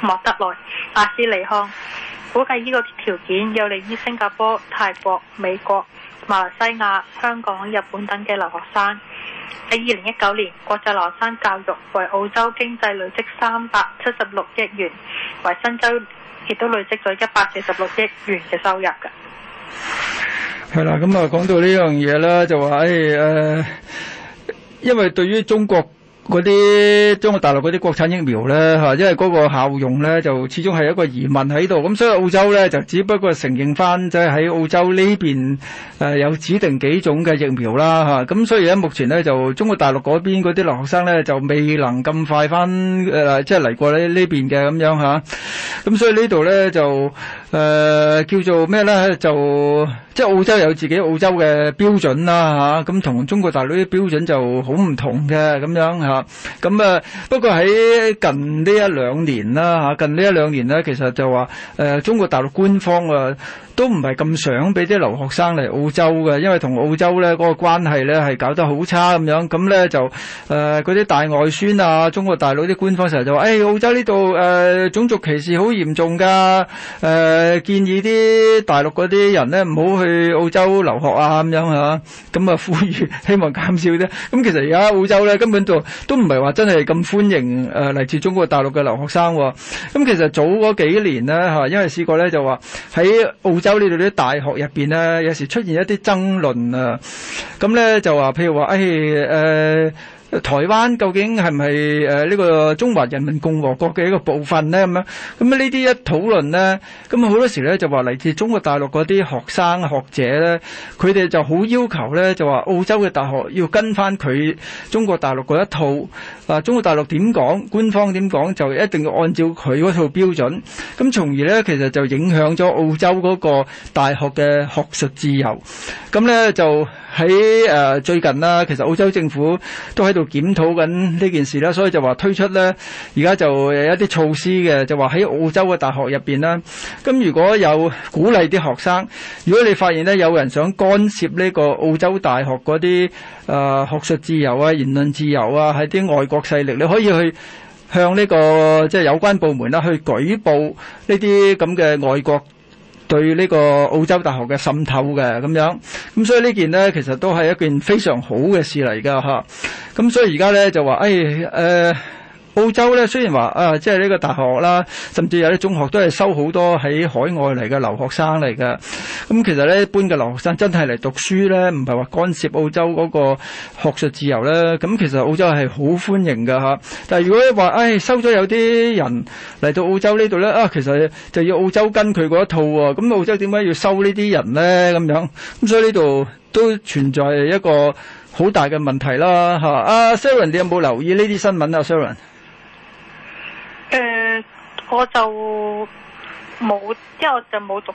莫德來、阿斯利康。估計呢個條件有利於新加坡、泰國、美國。馬來西亞、香港、日本等嘅留學生。喺二零一九年國際留學生教育為澳洲經濟累積三百七十六億元，為新州亦都累積咗一百四十六億元嘅收入噶。係啦，咁啊講到呢樣嘢啦，就話誒、哎呃，因為對於中國。嗰啲中國大陸嗰啲國產疫苗咧嚇，因為嗰個效用咧就始終係一個疑問喺度，咁所以澳洲咧就只不過承認翻即係喺澳洲呢邊、呃、有指定幾種嘅疫苗啦嚇，咁、啊、所以咧目前咧就中國大陸嗰邊嗰啲留學生咧就未能咁快翻、呃、即係嚟過呢呢邊嘅咁樣咁、啊、所以這裏呢度咧就。誒、呃、叫做咩咧？就即係澳洲有自己澳洲嘅標準啦，咁、啊、同中國大陸啲標準就好唔同嘅咁樣咁、啊、不過喺近呢一兩年啦、啊，近呢一兩年咧，其實就話、呃、中國大陸官方啊。都唔係咁想俾啲留學生嚟澳洲嘅，因為同澳洲咧嗰個關係咧係搞得好差咁樣，咁咧就誒嗰啲大外宣啊，中國大陸啲官方成日就話，誒、哎、澳洲呢度誒種族歧視好嚴重㗎，誒、呃、建議啲大陸嗰啲人咧唔好去澳洲留學啊，咁樣嚇，咁啊呼籲希望減少啲。咁其實而家澳洲咧根本就都唔係話真係咁歡迎誒嚟、呃、自中國大陸嘅留學生。咁其實早嗰幾年咧吓，因為試過咧就話喺澳州呢度啲大學入邊咧，有時出現一啲爭論啊，咁咧就話譬如話，誒、哎、誒、呃，台灣究竟係唔係誒呢個中華人民共和國嘅一個部分咧？咁樣咁啊，呢啲一討論咧，咁啊好多時咧就話嚟自中國大陸嗰啲學生學者咧，佢哋就好要求咧，就話澳洲嘅大學要跟翻佢中國大陸嗰一套。嗱，中國大陸點講，官方點講就一定要按照佢套標準，咁從而咧，其實就影響咗澳洲嗰個大學嘅學術自由。咁咧就喺、呃、最近啦，其實澳洲政府都喺度檢討緊呢件事啦，所以就話推出咧，而家就有一啲措施嘅，就話喺澳洲嘅大學入邊啦。咁如果有鼓勵啲學生，如果你發現咧有人想干涉呢個澳洲大學啲誒、呃、學術自由啊、言論自由啊，喺啲外國勢力你可以去向呢個即係有關部門啦，去舉報呢啲咁嘅外國對呢個澳洲大學嘅滲透嘅，咁樣，咁所以呢件呢，其實都係一件非常好嘅事嚟㗎吓，咁所以而家呢就話誒誒。澳洲咧雖然話啊，即係呢個大學啦，甚至有啲中學都係收好多喺海外嚟嘅留學生嚟噶。咁、嗯、其實咧，一般嘅留學生真係嚟讀書咧，唔係話干涉澳洲嗰個學術自由咧。咁、嗯、其實澳洲係好歡迎㗎。吓。但係如果你話話、哎、收咗有啲人嚟到澳洲呢度咧啊，其實就要澳洲跟佢嗰一套喎、哦。咁、嗯、澳洲點解要收呢啲人咧？咁樣咁、嗯、所以呢度都存在一個好大嘅問題啦吓。阿 Sharon，你有冇留意呢啲新聞啊？Sharon？我就冇，之後就冇讀，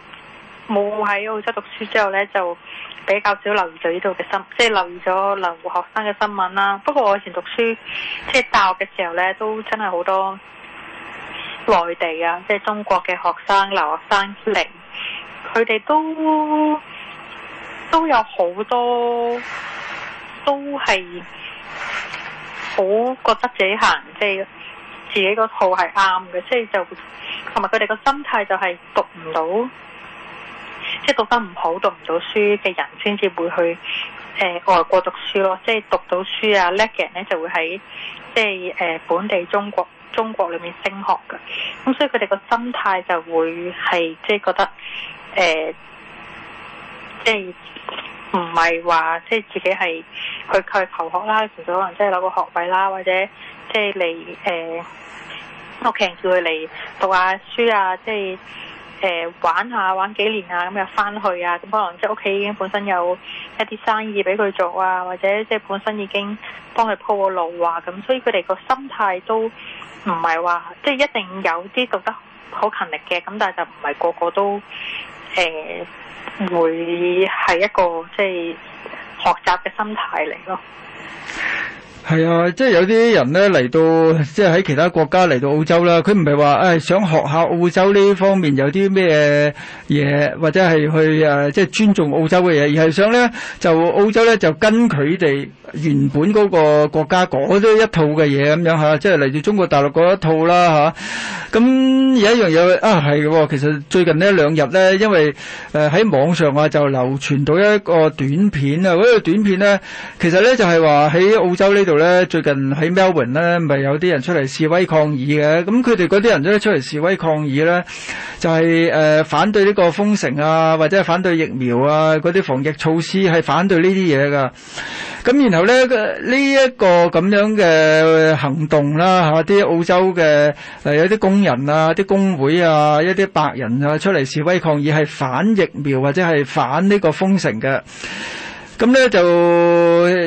冇喺澳洲讀書之後咧，就比較少留意到呢度嘅新，即係留意咗留學生嘅新聞啦。不過我以前讀書，即係大學嘅時候咧，都真係好多內地啊，即係中國嘅學生留學生嚟，佢哋都都有好多，都係好覺得自己行即係。就是自己個套係啱嘅，即係就同埋佢哋個心態就係讀唔到，即係讀得唔好，讀唔到書嘅人先至會去誒、呃、外國讀書咯。即係讀到書啊叻嘅人咧就會喺即係誒、呃、本地中國中國裏面升學嘅。咁所以佢哋個心態就會係即係覺得誒、呃，即係唔係話即係自己係佢佢求學啦，其實可能即係攞個學位啦，或者即係嚟誒。呃屋企人叫佢嚟讀下書啊，即係誒、呃、玩下玩幾年啊，咁又翻去啊，咁可能即係屋企已經本身有一啲生意俾佢做啊，或者即係本身已經幫佢鋪個路啊，咁所以佢哋個心態都唔係話即係一定有啲讀得好勤力嘅，咁但係就唔係個個都誒、呃、會係一個即係學習嘅心態嚟咯。係啊，即係有啲人咧嚟到，即係喺其他國家嚟到澳洲啦。佢唔係話誒想學下澳洲呢方面有啲咩嘢，或者係去誒即係尊重澳洲嘅嘢，而係想咧就澳洲咧就跟佢哋。原本嗰個國家嗰啲一套嘅嘢咁樣嚇，即係嚟自中國大陸嗰一套啦嚇。咁有一樣嘢啊，係嘅喎。其實最近呢兩日呢，因為呃、喺網上啊就流傳到一個短片啊。嗰個短片呢，其實呢就係話喺澳洲呢度呢，最近喺 Melbourne 呢，咪有啲人出嚟示威抗議嘅。咁佢哋嗰啲人出嚟示威抗議呢，就係、呃、反對呢個封城啊，或者係反對疫苗啊嗰啲防疫措施，係反對呢啲嘢㗎。咁然後，呢個呢一個咁樣嘅行動啦，嚇啲澳洲嘅有啲工人啊、啲工會啊、一啲白人啊出嚟示威抗議，係反疫苗或者係反呢個封城嘅。咁咧就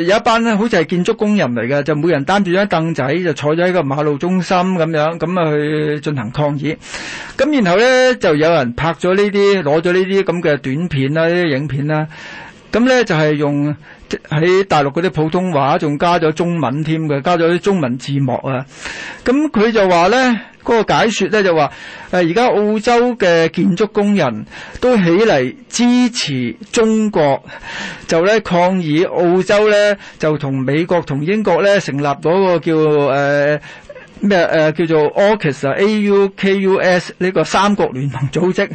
有一班咧，好似係建築工人嚟嘅，就每人擔住張凳仔，就坐咗喺個馬路中心咁樣，咁啊去進行抗議。咁然後咧就有人拍咗呢啲，攞咗呢啲咁嘅短片啊，呢啲影片啦。咁咧就係用。喺大陸嗰啲普通話仲加咗中文添嘅，加咗啲中文字幕啊。咁佢就話咧，嗰個解說咧就話，誒而家澳洲嘅建築工人都起嚟支持中國，就咧抗議澳洲咧就同美國同英國咧成立咗個叫誒咩誒叫做 AUKUS 呢個三國聯盟組織。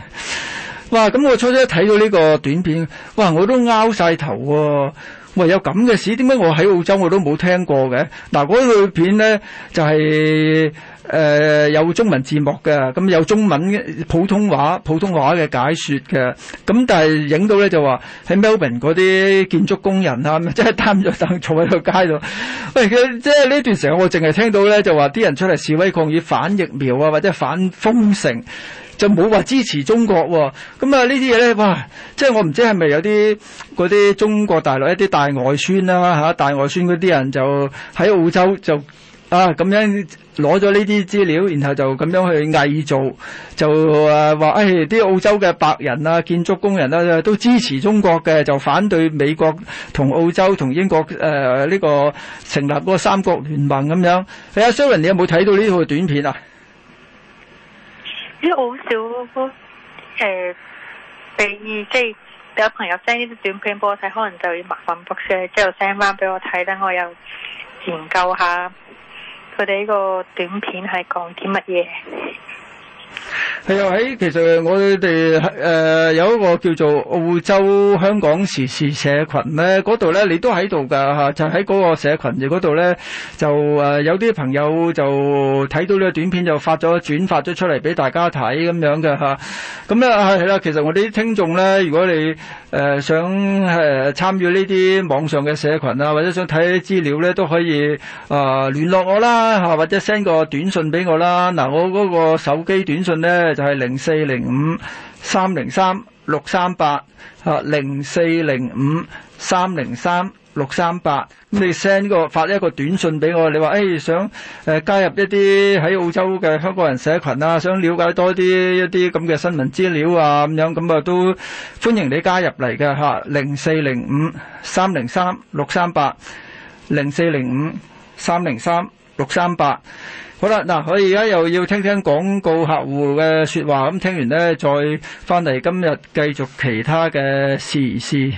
哇！咁我初初睇到呢個短片，哇！我都拗晒頭喎、啊。喂，有咁嘅事，點解我喺澳洲我都冇聽過嘅？嗱，嗰套片呢，就係、是、誒、呃、有中文字幕嘅，咁有中文普通話普通話嘅解說嘅。咁但係影到咧就話喺 Melbourne 嗰啲建築工人啊，即係擔咗凳坐喺個街度。喂，佢即係呢段時間我淨係聽到咧就話啲人出嚟示威抗議反疫苗啊，或者反封城。就冇話支持中國喎。哦，咁啊呢啲嘢咧，哇！即係我唔知係咪有啲嗰啲中國大陸一啲大外宣啦、啊啊、大外宣嗰啲人就喺澳洲就啊咁樣攞咗呢啲資料，然後就咁樣去偽造，就誒話誒啲澳洲嘅白人啊、建築工人啊，都支持中國嘅，就反對美國同澳洲同英國誒呢、啊這個成立嗰三國聯盟咁樣。係啊，Sharon，你有冇睇到呢套短片啊？啲 [MUSIC] 好少誒、哦，比、呃、如即係有朋友 send 啲短片俾我睇，可能就要麻煩 b o 之後 send 翻俾我睇，等我又研究一下佢哋呢個短片係講啲乜嘢。係又喺，其實我哋誒、呃、有一個叫做澳洲香港時事社群咧，嗰度咧你都喺度噶吓，就喺、是、嗰個社群嘅嗰度咧就誒、呃、有啲朋友就睇到呢個短片就發咗轉發咗出嚟俾大家睇咁樣嘅吓，咁咧係啦，其實我哋啲聽眾咧，如果你誒想誒參與呢啲網上嘅社群啊，或者想睇資料咧，都可以啊聯、呃、絡我啦吓，或者 send 個短信俾我啦。嗱、啊，我嗰個手機短。信咧就係零四零五三零三六三八啊，零四零五三零三六三八。咁你 send 呢個發一個短信俾我，你話誒、哎、想誒加入一啲喺澳洲嘅香港人社群啊，想了解多啲一啲咁嘅新聞資料啊咁樣，咁啊都歡迎你加入嚟嘅吓，零四零五三零三六三八，零四零五三零三六三八。好啦，嗱、啊，我而家又要聽聽廣告客戶嘅說話，咁、嗯、聽完咧再翻嚟今日繼續其他嘅時事。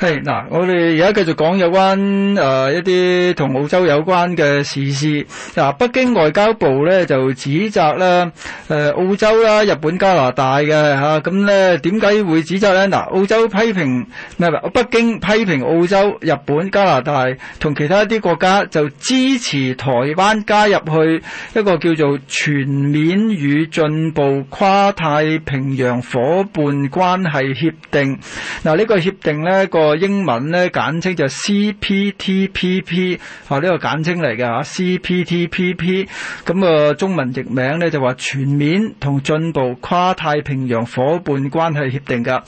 係嗱，我哋而家繼續講有關誒、呃、一啲同澳洲有關嘅事事。嗱，北京外交部咧就指責咧誒澳洲啦、日、呃、本、加拿大嘅吓，咁咧，點解會指責咧？嗱，澳洲批評，咩？北京批評澳洲、日本、加拿大同、啊、其他一啲國家就支持台灣加入去一個叫做全面與進步跨太平洋夥伴關係協定。嗱，這個、協定呢個協定咧個。個英文咧簡稱就 CPTPP 嚇、啊、呢、呢個簡稱嚟嘅嚇 CPTPP 咁啊，中文譯名咧就話全面同進步跨太平洋伙伴關係協定㗎。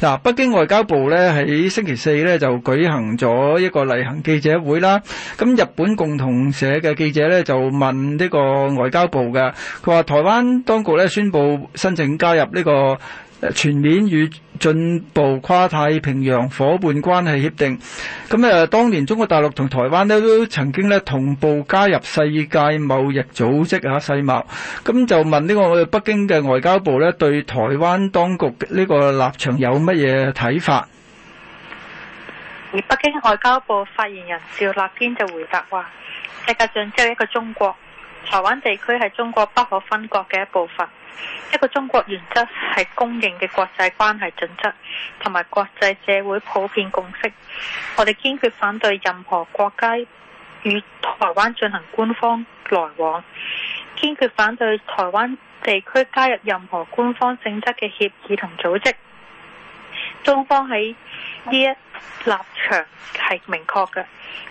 嗱、啊、北京外交部咧喺星期四咧就舉行咗一個例行記者會啦，咁、啊、日本共同社嘅記者咧就問呢個外交部嘅，佢話台灣當局咧宣布申請加入呢、呢個全面與進步跨太平洋伙伴關係協定，咁當年中國大陸同台灣呢都曾經同步加入世界貿易組織啊，世貿，咁就問呢個北京嘅外交部咧對台灣當局呢個立場有乜嘢睇法？而北京外交部發言人趙立堅就回答話：世界上只有一個中國，台灣地區係中國不可分割嘅一部分。一個中國原則係公認嘅國際關係準則，同埋國際社會普遍共識。我哋堅決反對任何國家與台灣進行官方來往，堅決反對台灣地區加入任何官方性質嘅協議同組織。中方喺呢一立場係明確嘅，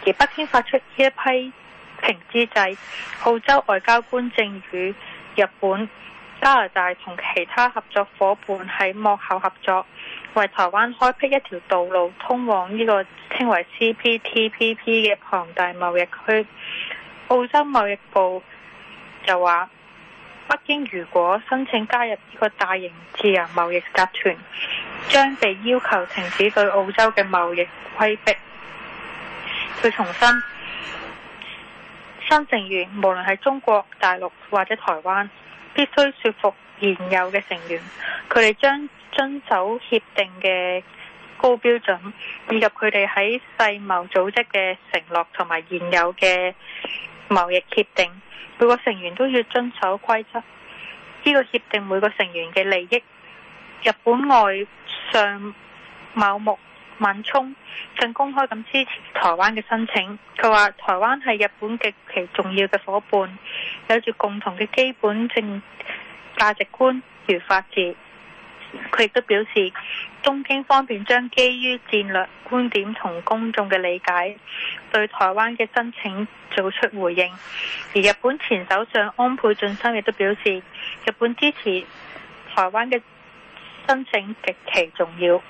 而北京發出呢一批評之際，澳洲外交官正與日本。加拿大同其他合作伙伴喺幕後合作，為台灣開闢一條道路，通往呢個稱為 CPTPP 嘅龐大貿易區。澳洲貿易部就話：北京如果申請加入呢個大型自由貿易集團，將被要求停止對澳洲嘅貿易威逼。佢重申，新成員，無論係中國大陸或者台灣，必須說服現有嘅成員，佢哋將遵守協定嘅高標準，以及佢哋喺世貿組織嘅承諾同埋現有嘅貿易協定，每個成員都要遵守規則。呢個協定每個成員嘅利益，日本外相茂木文沖更公開咁支持台灣嘅申請，佢話台灣係日本極其重要嘅伙伴，有住共同嘅基本政價值觀與法治。佢亦都表示，東京方面將基於戰略觀點同公眾嘅理解，對台灣嘅申請做出回應。而日本前首相安倍晉三亦都表示，日本支持台灣嘅申請極其重要。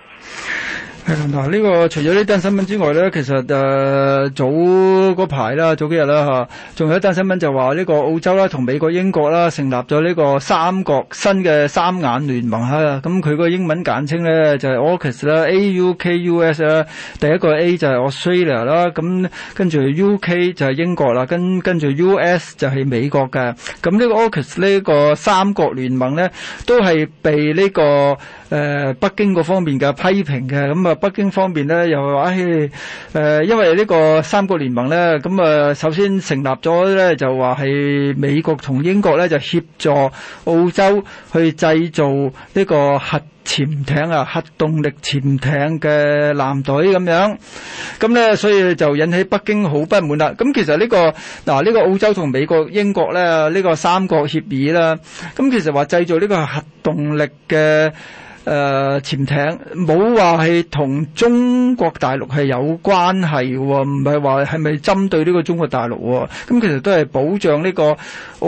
誒、這個，嗱，呢個除咗呢單新聞之外咧，其實誒、呃、早嗰排啦，早幾日啦吓，仲有一單新聞就話呢、這個澳洲啦，同美國、英國啦，成立咗呢個三國新嘅三眼聯盟啊。咁佢個英文簡稱咧就係、是、AUKUS 啦、啊，第一個 A 就係 Australia 啦、啊，咁跟住 UK 就係英國啦，跟跟住 US 就係美國嘅。咁、啊、呢、這個 AUKUS 呢個三國聯盟咧，都係被呢、這個誒、呃、北京嗰方面嘅。批評嘅，咁啊北京方面又話誒，因為呢個三國聯盟咧，咁啊首先成立咗咧，就話係美國同英國咧就協助澳洲去製造呢個核潛艇啊，核動力潛艇嘅艦隊咁樣，咁咧所以就引起北京好不滿啦，咁其實呢個，嗱，呢個澳洲同美國英國呢個三國協議啦，咁其實話製造呢個核動力嘅誒潛艇冇話係同中國大陸係有關係喎，唔係話係咪針對呢個中國大陸喎？咁其實都係保障呢個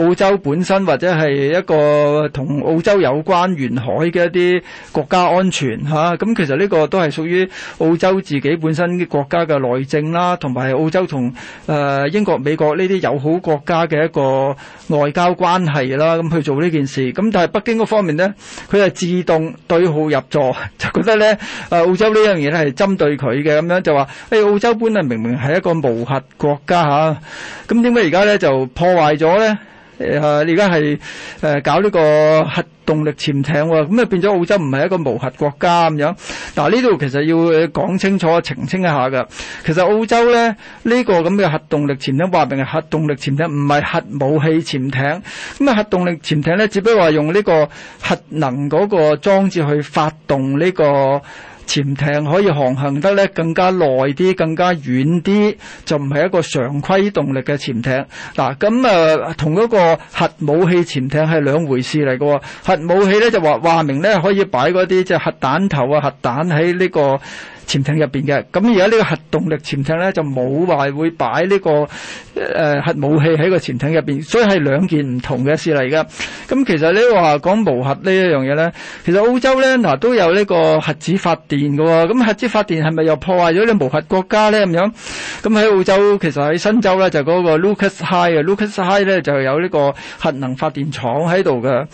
澳洲本身或者係一個同澳洲有關沿海嘅一啲國家安全嚇。咁其實呢個都係屬於澳洲自己本身嘅國家嘅內政啦，同埋澳洲同誒英國、美國呢啲友好國家嘅一個外交關係啦。咁去做呢件事，咁但係北京嗰方面咧，佢係自動對好入座，就覺得咧，誒、啊，澳洲呢樣嘢咧係針對佢嘅咁樣就，就話誒，澳洲本來明明係一個無核國家吓，咁點解而家咧就破壞咗咧？誒，而家係誒搞呢個核動力潛艇喎，咁啊變咗澳洲唔係一個無核國家咁樣。嗱呢度其實要講清楚澄清一下㗎，其實澳洲咧呢個咁嘅核動力潛艇，話明係核動力潛艇，唔係核武器潛艇。咁啊核動力潛艇咧，只不過用呢個核能嗰個裝置去發動呢個。潛艇可以航行得咧更加耐啲、更加遠啲，就唔係一個常規動力嘅潛艇嗱。咁啊，同嗰個核武器潛艇係兩回事嚟嘅喎。核武器咧就話話明咧可以擺嗰啲即係核彈頭啊、核彈喺呢個。潛艇入邊嘅，咁而家呢個核動力潛艇咧就冇話會擺呢個誒核武器喺個潛艇入邊，所以係兩件唔同嘅事嚟㗎。咁其實你話講無核呢一樣嘢咧，其實澳洲咧嗱都有呢個核子發電㗎喎。咁核子發電係咪又破壞咗呢無核國家咧咁樣？咁喺澳洲其實喺新州咧就嗰個 Lucas High 啊，Lucas High 咧就有呢個核能發電廠喺度㗎。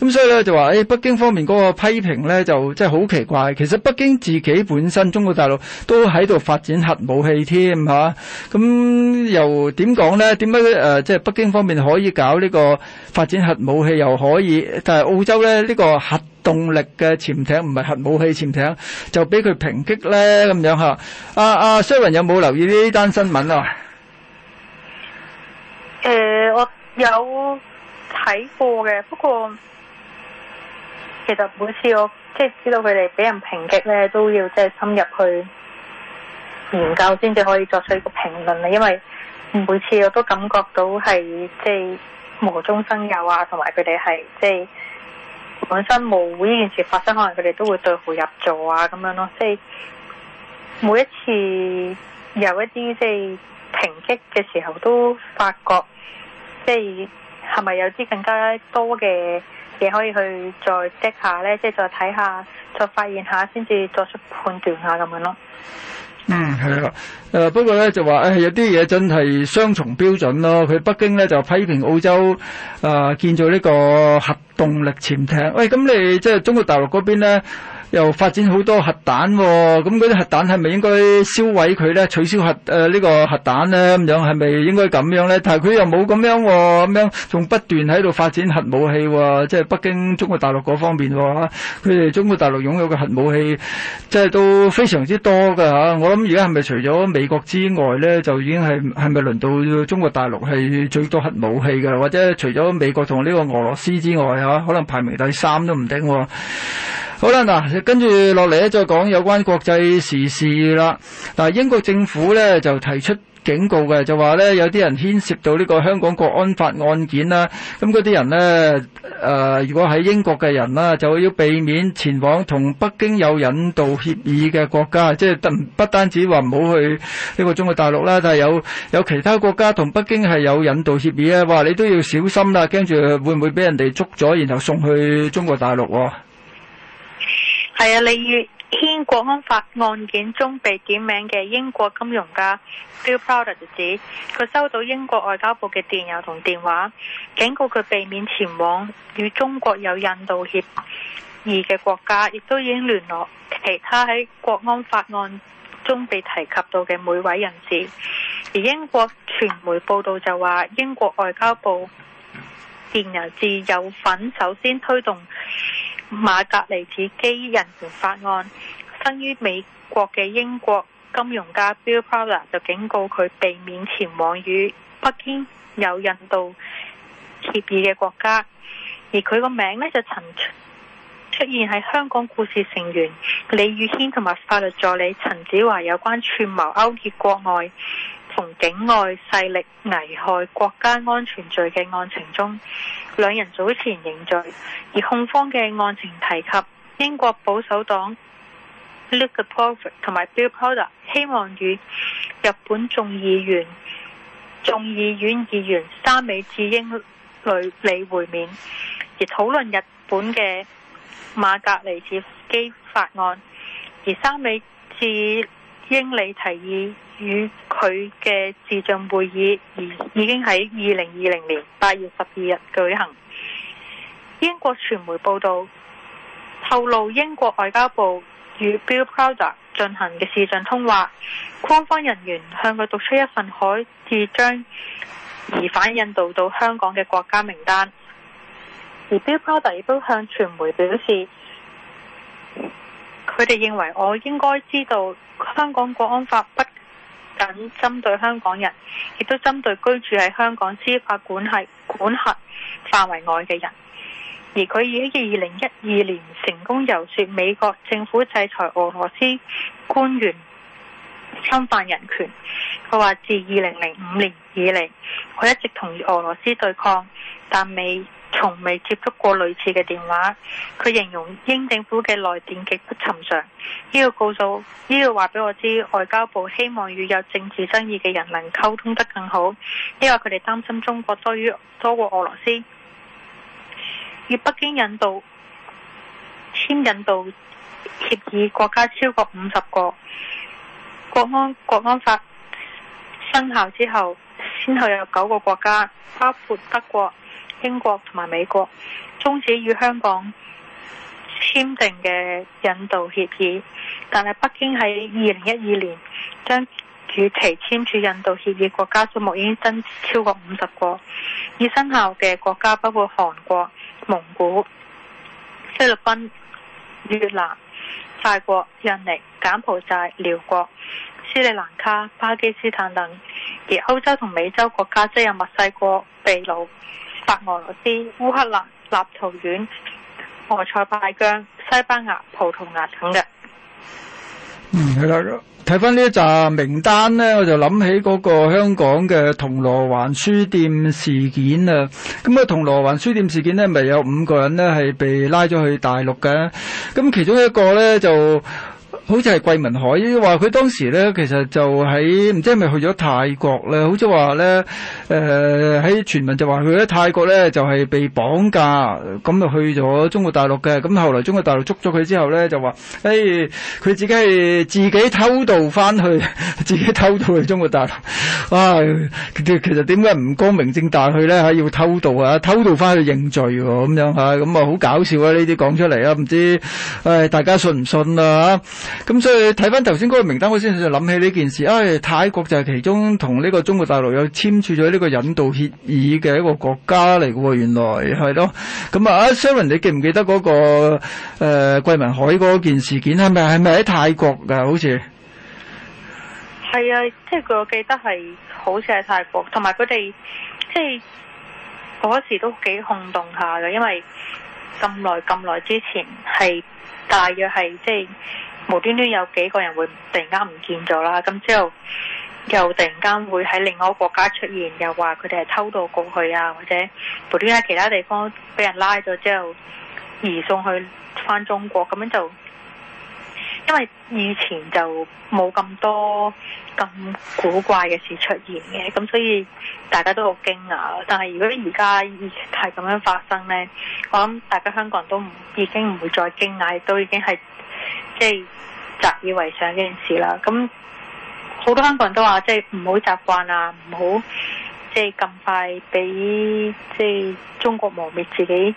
咁所以咧就話誒北京方面嗰個批評咧就真係好奇怪。其實北京自己本身。中國大陸都喺度發展核武器添嚇，咁又點講咧？點解誒，即係北京方面可以搞呢個發展核武器，又可以，但係澳洲咧呢個核動力嘅潛艇，唔係核武器潛艇，就俾佢抨擊咧咁樣嚇。阿阿 Sharon 有冇留意呢單新聞啊？誒，我有睇過嘅，不過。其實每次我即係知道佢哋俾人抨擊咧，都要即係深入去研究先至可以作出一個評論啦。因為每次我都感覺到係即係無中生有啊，同埋佢哋係即係本身冇呢件事發生，可能佢哋都會對號入座啊咁樣咯。即係每一次有一啲即係抨擊嘅時候，都發覺即係係咪有啲更加多嘅？你可以去、就是、再 check 下咧，即係再睇下，再發現下先至作出判斷下咁樣咯。嗯，係啊。誒、呃，不過咧就話誒、哎，有啲嘢真係雙重標準咯。佢北京咧就批評澳洲啊、呃、建造呢個核動力潛艇。喂、哎，咁你即係、就是、中國大陸嗰邊咧？又發展好多核彈喎、哦，咁嗰啲核彈係咪應該燒毀佢呢？取消核誒呢、呃這個核彈呢？咁樣係咪應該咁樣呢？但係佢又冇咁樣喎、哦，咁樣仲不斷喺度發展核武器喎、哦，即係北京中國大陸嗰方面，佢哋中國大陸擁有嘅核武器即係都非常之多㗎。我諗而家係咪除咗美國之外呢，就已經係係咪輪到中國大陸係最多核武器㗎？或者除咗美國同呢個俄羅斯之外，可能排名第三都唔定喎。好啦，嗱，跟住落嚟咧，再講有關國際時事啦。嗱，英國政府咧就提出警告嘅，就話咧有啲人牽涉到呢個香港國安法案件啦。咁嗰啲人呢，呃、如果喺英國嘅人啦，就要避免前往同北京有引渡協議嘅國家，即係不不單止話唔好去呢個中國大陸啦，但係有有其他國家同北京係有引渡協議呢話，你都要小心啦，跟住會唔會俾人哋捉咗，然後送去中國大陸喎、啊。係啊，黎智英國安法案件中被點名嘅英國金融家、mm. Bill Browder 就指，佢收到英國外交部嘅電郵同電話，警告佢避免前往與中國有引渡協議嘅國家，亦都已經聯絡其他喺國安法案中被提及到嘅每位人士。而英國傳媒報道就話，英國外交部電郵字有份首先推動。馬格尼茨基人權法案，生於美國嘅英國金融家 Bill Browder 就警告佢避免前往與北京有引渡協議嘅國家，而佢個名呢，就曾出現喺香港故事成員李宇軒同埋法律助理陳子華有關串謀勾結國外從境外勢力危害國家安全罪嘅案情中，兩人早前認罪，而控方嘅案情提及英國保守黨 Luke Profit 同埋 Bill Porter 希望與日本眾議員、眾議院議員三美智英里會面，而討論日本嘅馬格尼茨基法案，而三美智英里提議。與佢嘅視像會議而已經喺二零二零年八月十二日舉行。英國傳媒報道透露，英國外交部與 Bill Browder 進行嘅視像通話，官方人員向佢讀出一份海智將疑犯引渡到香港嘅國家名單。而 Bill Browder 亦都向傳媒表示，佢哋認為我應該知道香港國安法不。等針對香港人，亦都針對居住喺香港司法管轄管轄範圍外嘅人。而佢已經喺二零一二年成功遊說美國政府制裁俄羅斯官員侵犯人權。佢話：自二零零五年以嚟，佢一直同俄羅斯對抗，但美。從未接觸過類似嘅電話，佢形容英政府嘅來電極不尋常。呢、呢個告訴，呢、呢個話俾我知，外交部希望與有政治爭議嘅人能溝通得更好，因為佢哋擔心中國多於多過俄羅斯。與北京引渡簽引渡協議國家超過五十個，國安國安法生效之後，先後有九個國家，包括德國。英國同埋美國終止與香港簽訂嘅引渡協議，但係北京喺二零一二年將與其簽署引渡協議國家數目已經增至超過五十個，已生效嘅國家包括韓國、蒙古、菲律賓、越南、泰國、印尼、柬埔寨、寮國、斯里蘭卡、巴基斯坦等，而歐洲同美洲國家則有墨西哥、秘魯。白俄羅斯、烏克蘭、立陶宛、俄塞拜疆、西班牙、葡萄牙等嘅。嗯，睇翻睇翻呢一紮名單呢，我就諗起嗰個香港嘅銅鑼灣書店事件啦。咁啊，銅鑼灣書店事件呢，咪有五個人呢係被拉咗去大陸嘅。咁其中一個呢，就。好似係桂文海話，佢當時咧其實就喺唔知係咪去咗泰國咧，好似話咧誒喺傳聞就話佢喺泰國咧就係被綁架，咁就去咗中國大陸嘅。咁後來中國大陸捉咗佢之後咧就話，誒佢自己係自己偷渡翻去，自己偷渡去中國大陸。哇，其其實點解唔光明正大去咧？吓要偷渡啊，偷渡翻去認罪喎，咁樣吓，咁啊好搞笑啊！呢啲講出嚟啊，唔知誒大家信唔信啊？吓。咁所以睇翻頭先嗰個名單，我先就諗起呢件事。唉、哎，泰國就係其中同呢個中國大陸有簽署咗呢個引渡協議嘅一個國家嚟嘅喎。原來係咯。咁啊，阿 Sharon，你記唔記得嗰、那個誒桂民海嗰件事件？係咪係咪喺泰國㗎？好似係啊，即係、就是、我記得係好似喺泰國，同埋佢哋即係嗰時都幾轟動下㗎，因為咁耐咁耐之前係大約係即係。就是無端端有幾個人會突然間唔見咗啦，咁之後又突然間會喺另外一個國家出現，又話佢哋係偷渡過去啊，或者無端喺其他地方俾人拉咗之後移送去翻中國，咁樣就因為以前就冇咁多咁古怪嘅事出現嘅，咁所以大家都好驚訝。但係如果而家係咁樣發生呢，我諗大家香港人都唔已經唔會再驚訝，都已經係。即係習以為常呢件事啦，咁好多香港人都話，即係唔好習慣啊，唔好即係咁快俾即係中國磨滅自己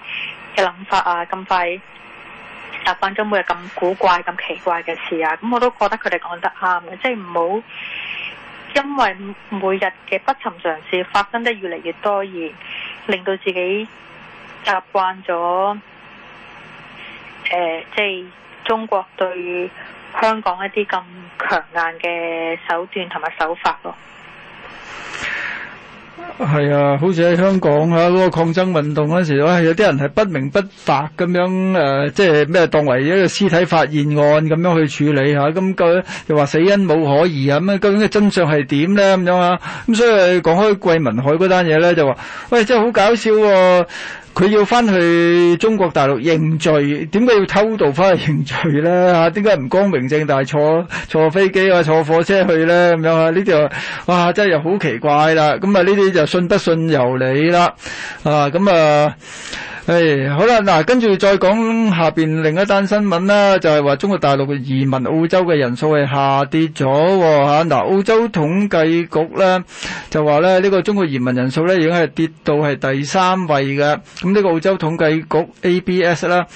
嘅諗法啊，咁快習慣咗每日咁古怪、咁奇怪嘅事啊，咁我都覺得佢哋講得啱嘅，即係唔好因為每日嘅不尋常事發生得越嚟越多而令到自己習慣咗，誒、呃，即係。中國對香港一啲咁強硬嘅手段同埋手法咯，係啊，好似喺香港啊嗰個抗爭運動嗰陣時，哇，有啲人係不明不白咁樣誒，即係咩當為一個屍體發現案咁樣去處理嚇，咁究竟又話死因冇可疑啊，咁究竟嘅真相係點咧？咁樣啊，咁所以講開桂民海嗰單嘢咧，就話，喂，真係好搞笑喎！佢要翻去中國大陸認罪，點解要偷渡翻去認罪咧？嚇，點解唔光明正大坐坐飛機啊，坐火車去咧咁樣啊？呢啲哇真係又好奇怪啦。咁啊，呢啲就信不信由你啦。啊，咁、嗯、啊。誒、hey，好啦，嗱，跟住再講下邊另一單新聞啦，就係、是、話中國大陸嘅移民澳洲嘅人數係下跌咗吓、哦。嗱、啊，澳洲統計局呢，就話咧呢、這個中國移民人數呢已經係跌到係第三位嘅。咁呢個澳洲統計局 A B S 啦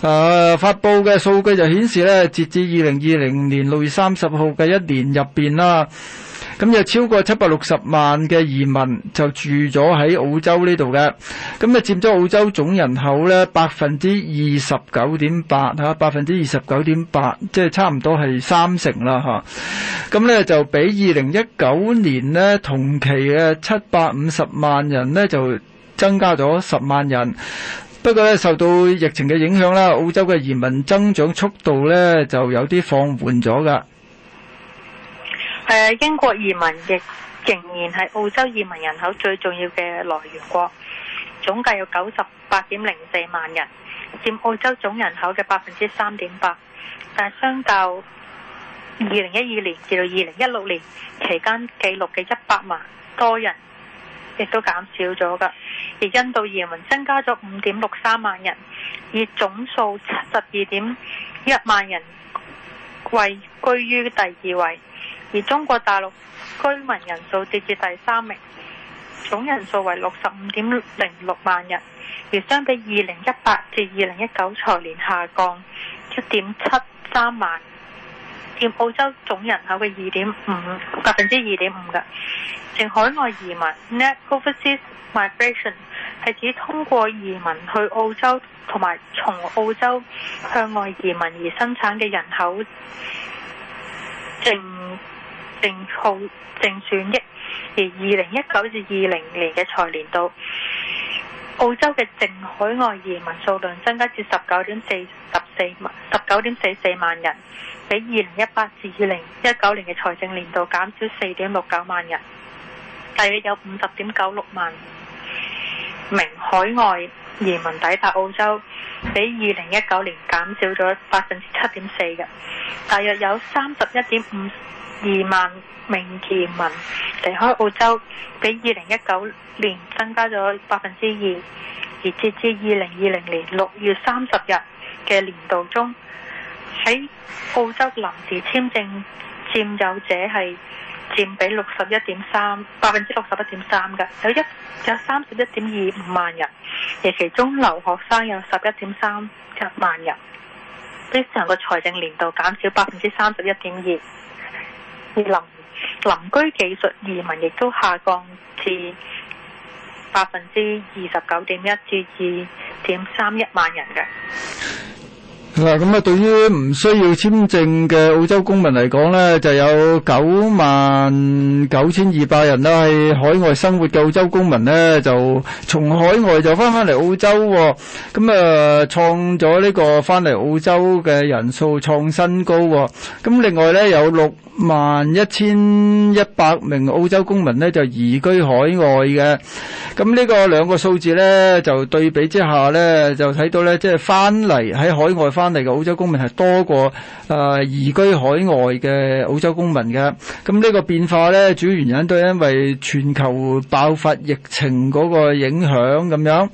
誒、啊，發布嘅數據就顯示呢，截至二零二零年六月三十號嘅一年入邊啦。咁就超過七百六十萬嘅移民就住咗喺澳洲呢度嘅，咁就佔咗澳洲總人口呢百分之二十九點八吓，百分之二十九點八，即係差唔多係三成啦吓。咁呢就比二零一九年呢同期嘅七百五十萬人呢就增加咗十萬人。不過呢受到疫情嘅影響啦，澳洲嘅移民增長速度呢就有啲放緩咗㗎。誒，英國移民亦仍然係澳洲移民人口最重要嘅來源國，總計有九十八點零四萬人，佔澳洲總人口嘅百分之三點八。但相較二零一二年至到二零一六年期間記錄嘅一百萬多人，亦都減少咗噶。而印度移民增加咗五點六三萬人，以總數七十二點一萬人位居於第二位。而中國大陸居民人數跌至第三名，總人數為六十五點零六萬人，而相比二零一八至二零一九財年下降一點七三萬，佔澳洲總人口嘅二點五百分之二點五嘅。淨海外移民 [MUSIC] net overseas migration 係指通過移民去澳洲同埋從澳洲向外移民而生產嘅人口淨 [MUSIC] 正好正轉益，而二零一九至二零年嘅財年度，澳洲嘅淨海外移民數量增加至十九點四十四萬，十九點四四萬人，比二零一八至二零一九年嘅財政年度減少四點六九萬人，大約有五十點九六萬名海外移民抵達澳洲，比二零一九年減少咗百分之七點四嘅，大約有三十一點五二萬名移民離開澳洲，比二零一九年增加咗百分之二。而截至二零二零年六月三十日嘅年度中，喺澳洲臨時簽證佔有者係佔比六十一點三百分之六十一點三嘅，有一，有三十一點二五萬人，而其中留學生有十一點三一萬人，比上個財政年度減少百分之三十一點二。臨臨居技術移民亦都下降至百分之二十九點一至二點三，一萬人嘅嗱。噉呀，對於唔需要簽證嘅澳洲公民嚟講呢，就有九萬九千二百人啦。喺海外生活嘅澳洲公民呢，就從海外就返返嚟澳洲。噉呀，創咗呢個返嚟澳洲嘅人數創新高。噉另外呢，有六萬一千一百名澳洲公民咧就移居海外嘅，咁呢個兩個數字咧就對比之下咧就睇到咧，即係翻嚟喺海外翻嚟嘅澳洲公民係多過誒、呃、移居海外嘅澳洲公民嘅。咁呢個變化咧主要原因都係因為全球爆發疫情嗰個影響咁樣。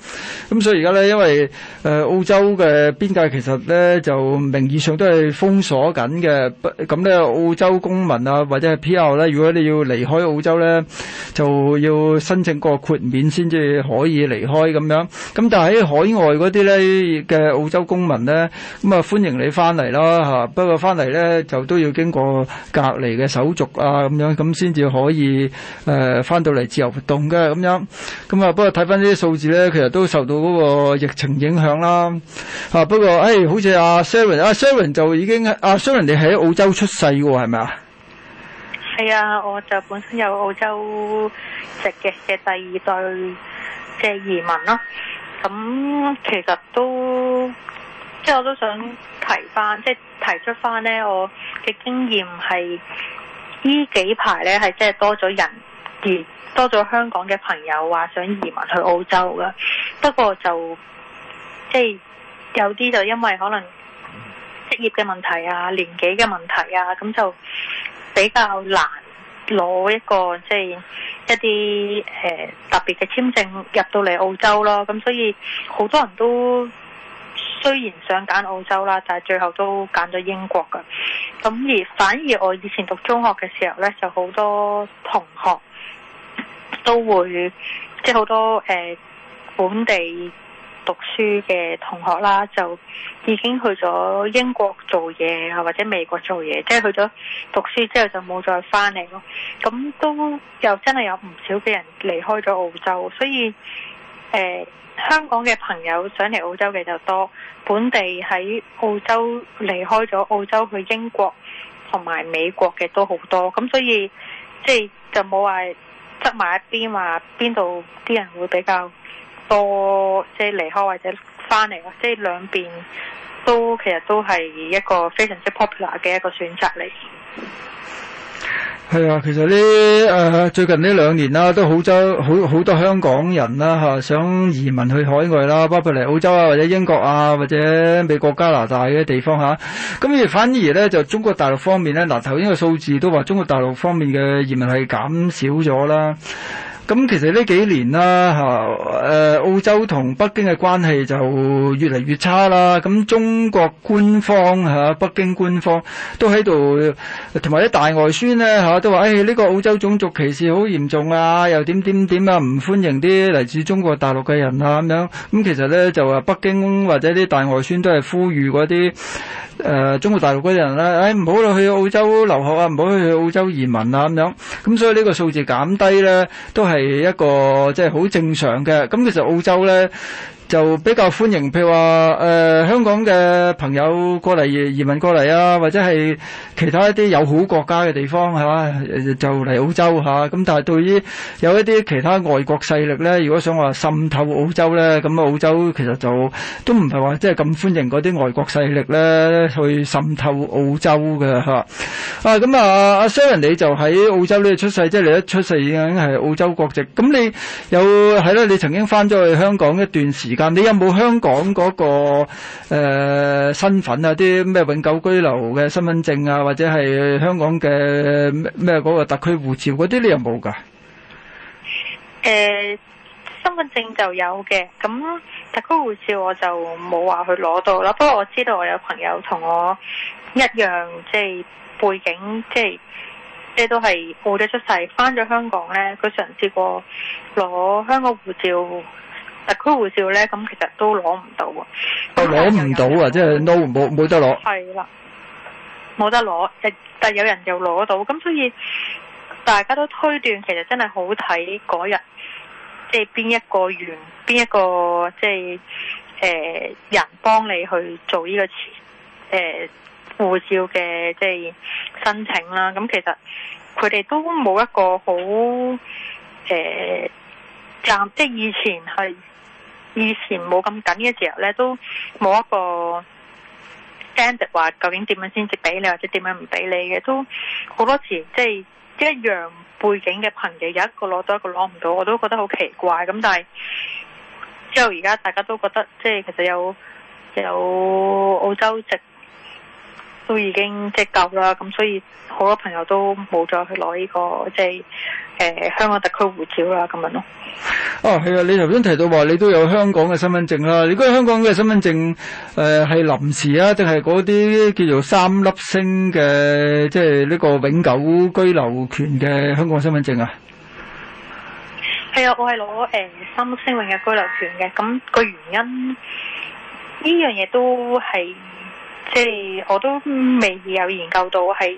咁所以而家咧因為誒、呃、澳洲嘅邊界其實咧就名義上都係封鎖緊嘅，咁咧澳洲公民啊，或者係 P.R. 咧，如果你要離開澳洲咧，就要申請個豁免先至可以離開咁樣。咁但係喺海外嗰啲咧嘅澳洲公民咧，咁啊歡迎你翻嚟啦嚇。不過翻嚟咧就都要經過隔離嘅手續啊咁樣，咁先至可以誒翻到嚟自由活動嘅咁樣。咁啊不過睇翻呢啲數字咧，其實都受到嗰個疫情影響啦。啊不過誒、哎，好似阿 Sharon 阿、啊、Sharon 就已經阿、啊、Sharon 你喺澳洲出世㗎喎，係咪啊？係啊，我就本身有澳洲籍嘅嘅第二代嘅移民咯。咁其實都即係我都想提翻，即係提出翻呢，我嘅經驗係呢幾排呢，係即係多咗人而多咗香港嘅朋友話想移民去澳洲噶。不過就即係有啲就因為可能職業嘅問題啊、年紀嘅問題啊，咁就。比較難攞一個即係、就是、一啲誒、呃、特別嘅簽證入到嚟澳洲咯，咁所以好多人都雖然想揀澳洲啦，但係最後都揀咗英國噶。咁而反而我以前讀中學嘅時候呢，就好多同學都會即係好多誒、呃、本地。讀書嘅同學啦，就已經去咗英國做嘢，或者美國做嘢，即係去咗讀書之後就冇再翻嚟咯。咁都又真係有唔少嘅人離開咗澳洲，所以誒、呃，香港嘅朋友想嚟澳洲嘅就多，本地喺澳洲離開咗澳洲去英國同埋美國嘅都好多，咁所以即係就冇話執埋一邊話邊度啲人會比較。多即係離開或者翻嚟咯，即係兩邊都其實都係一個非常之 popular 嘅一個選擇嚟。係啊，其實呢誒、啊、最近呢兩年啦、啊，都好咗好好多香港人啦、啊、吓、啊，想移民去海外啦，包括嚟澳洲啊或者英國啊或者美國加拿大嘅地方吓、啊。咁、啊、而反而咧就中國大陸方面咧，嗱，頭先個數字都話中國大陸方面嘅移民係減少咗啦。咁其實呢幾年啦吓誒澳洲同北京嘅關係就越嚟越差啦。咁中國官方吓，北京官方都喺度，同埋啲大外宣咧吓都話，誒呢個澳洲種族歧視好嚴重啊，又點點點啊，唔歡迎啲嚟自中國大陸嘅人啊咁樣。咁其實咧就話北京或者啲大外宣都係呼籲嗰啲誒中國大陸嘅啲人咧，誒唔好去澳洲留學啊，唔好去澳洲移民啊咁樣。咁所以呢個數字減低咧，都係。係一個即係好正常嘅，咁其實澳洲咧。，就比較歡迎，譬如話、呃、香港嘅朋友過嚟移民過嚟啊，或者係其他一啲友好國家嘅地方、啊、就嚟澳洲嚇。咁、啊、但係對於有一啲其他外國勢力咧，如果想話滲透澳洲咧，咁澳洲其實就都唔係話即係咁歡迎嗰啲外國勢力咧去滲透澳洲嘅嚇。啊咁啊，阿 s 但你有冇香港嗰個誒身份啊？啲咩永久居留嘅身份證啊，或者係香港嘅咩嗰個特區護照嗰啲？你有冇噶？誒，身份證就有嘅，咁特區護照我就冇話去攞到啦。不過我知道我有朋友同我一樣，即係背景，即係即都係澳洲出世，翻咗香港咧，佢嘗試過攞香港護照。特區護照咧，咁其實都攞唔到啊，攞唔到啊，即係 no 冇冇得攞。係啦，冇得攞，即但有人又攞到，咁所以大家都推斷，其實真係好睇嗰日，即係邊一個員，邊一個即係誒、呃、人幫你去做呢、這個誒護、呃、照嘅即係申請啦。咁其實佢哋都冇一個好誒、呃，即係以前係。以前冇咁緊嘅時候咧，都冇一個 standard 話究竟點樣先至俾你，或者點樣唔俾你嘅，都好多時即係一樣背景嘅朋友，有一個攞到一個攞唔到，我都覺得好奇怪咁。但係之後而家大家都覺得，即係其實有有澳洲籍。都已經即係夠啦，咁所以好多朋友都冇再去攞呢個即係誒香港特區護照啦，咁樣咯。哦，係啊，你頭先提到話你都有香港嘅身份證啦，你嗰個香港嘅身份證誒係臨時啊，定係嗰啲叫做三粒星嘅，即係呢個永久居留權嘅香港身份證啊？係啊，我係攞誒三粒星永久居留權嘅，咁個原因呢樣嘢都係。即係我都未有研究到係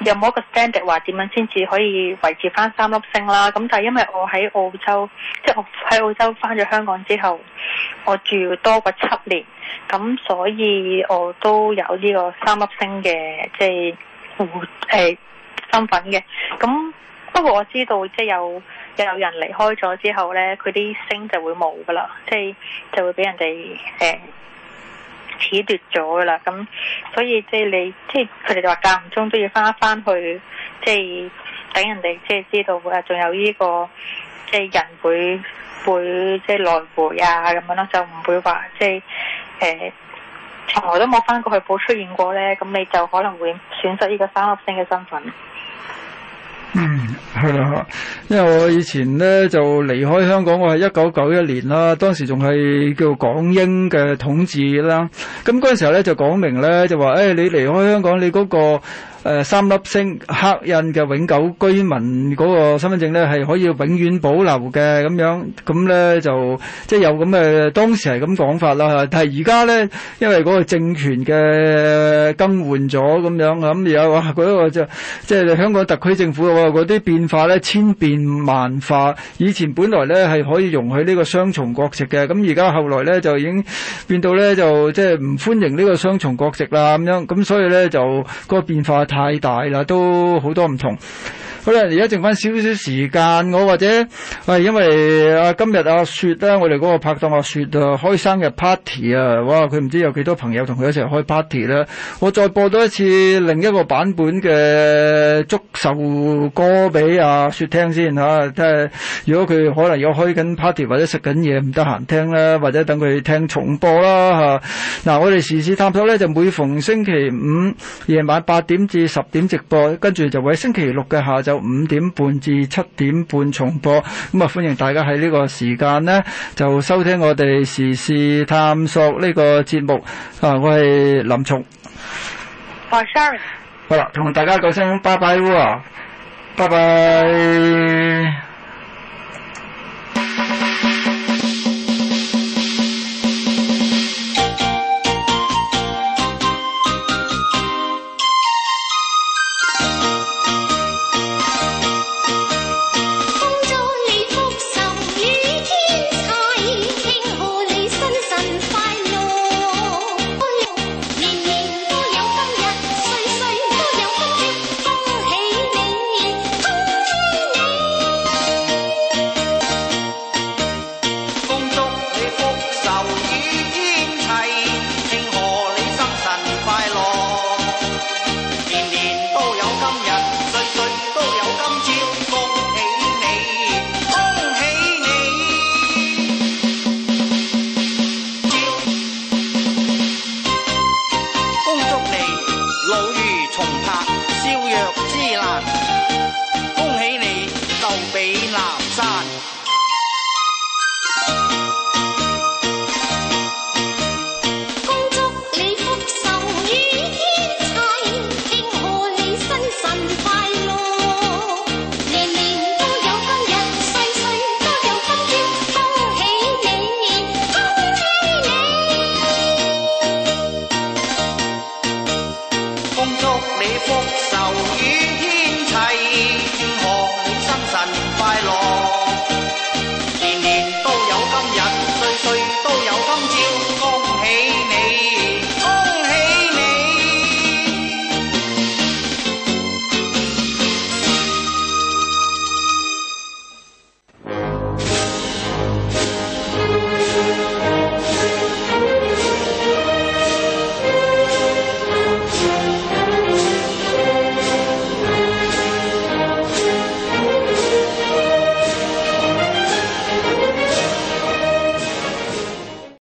有冇一個 standard 話點樣先至可以維持翻三粒星啦。咁但係因為我喺澳洲，即係我喺澳洲翻咗香港之後，我住多過七年，咁所以我都有呢個三粒星嘅即係戶誒身份嘅。咁不過我知道即係有有人離開咗之後咧，佢啲星就會冇噶啦，即係就會俾人哋誒。呃褫奪咗噶啦，咁所以即係你，即係佢哋就話間唔中都要翻一翻去，即係等人哋即係知道啊，仲有呢個即係人會會即係來回啊咁樣咯，就唔會話即係誒從來都冇翻過去報出現過咧，咁你就可能會損失呢個三粒星嘅身份。嗯，係啦，因為我以前咧就離開香港，我係一九九一年啦，當時仲係叫做港英嘅統治啦，咁嗰陣時候咧就講明咧就話，誒、哎，你離開香港，你嗰個。誒、呃、三粒星刻印嘅永久居民嗰個身份證咧，係可以永遠保留嘅咁樣，咁咧就即係有咁嘅當時係咁講法啦嚇。但係而家咧，因為嗰個政權嘅更換咗咁樣，咁而家哇，嗰、嗰個即係即係香港特區政府喎，嗰啲變化咧千變萬化。以前本來咧係可以容許呢個雙重國籍嘅，咁而家後來咧就已經變到咧就即係唔歡迎呢個雙重國籍啦咁樣，咁所以咧就嗰、嗰個變化。太大啦，都好多唔同。好啦，而家剩翻少少時間，我或者係因為啊今日阿雪咧，我哋個拍檔阿雪啊開生日 party 啊，哇！佢唔知有幾多朋友同佢一齊開 party 啦，我再播多一次另一個版本嘅祝壽歌俾阿雪聽先吓，即係如果佢可能有開緊 party 或者食緊嘢唔得閒聽啦，或者等佢聽重播啦吓，嗱，我哋時事探索咧就每逢星期五夜晚八點至十點直播，跟住就喺星期六嘅下晝五點半至七點半重播。咁啊，歡迎大家喺呢個時間呢就收聽我哋時事探索呢個節目。啊，我係林松。啊、好啦，同大家講聲拜拜喎，拜拜。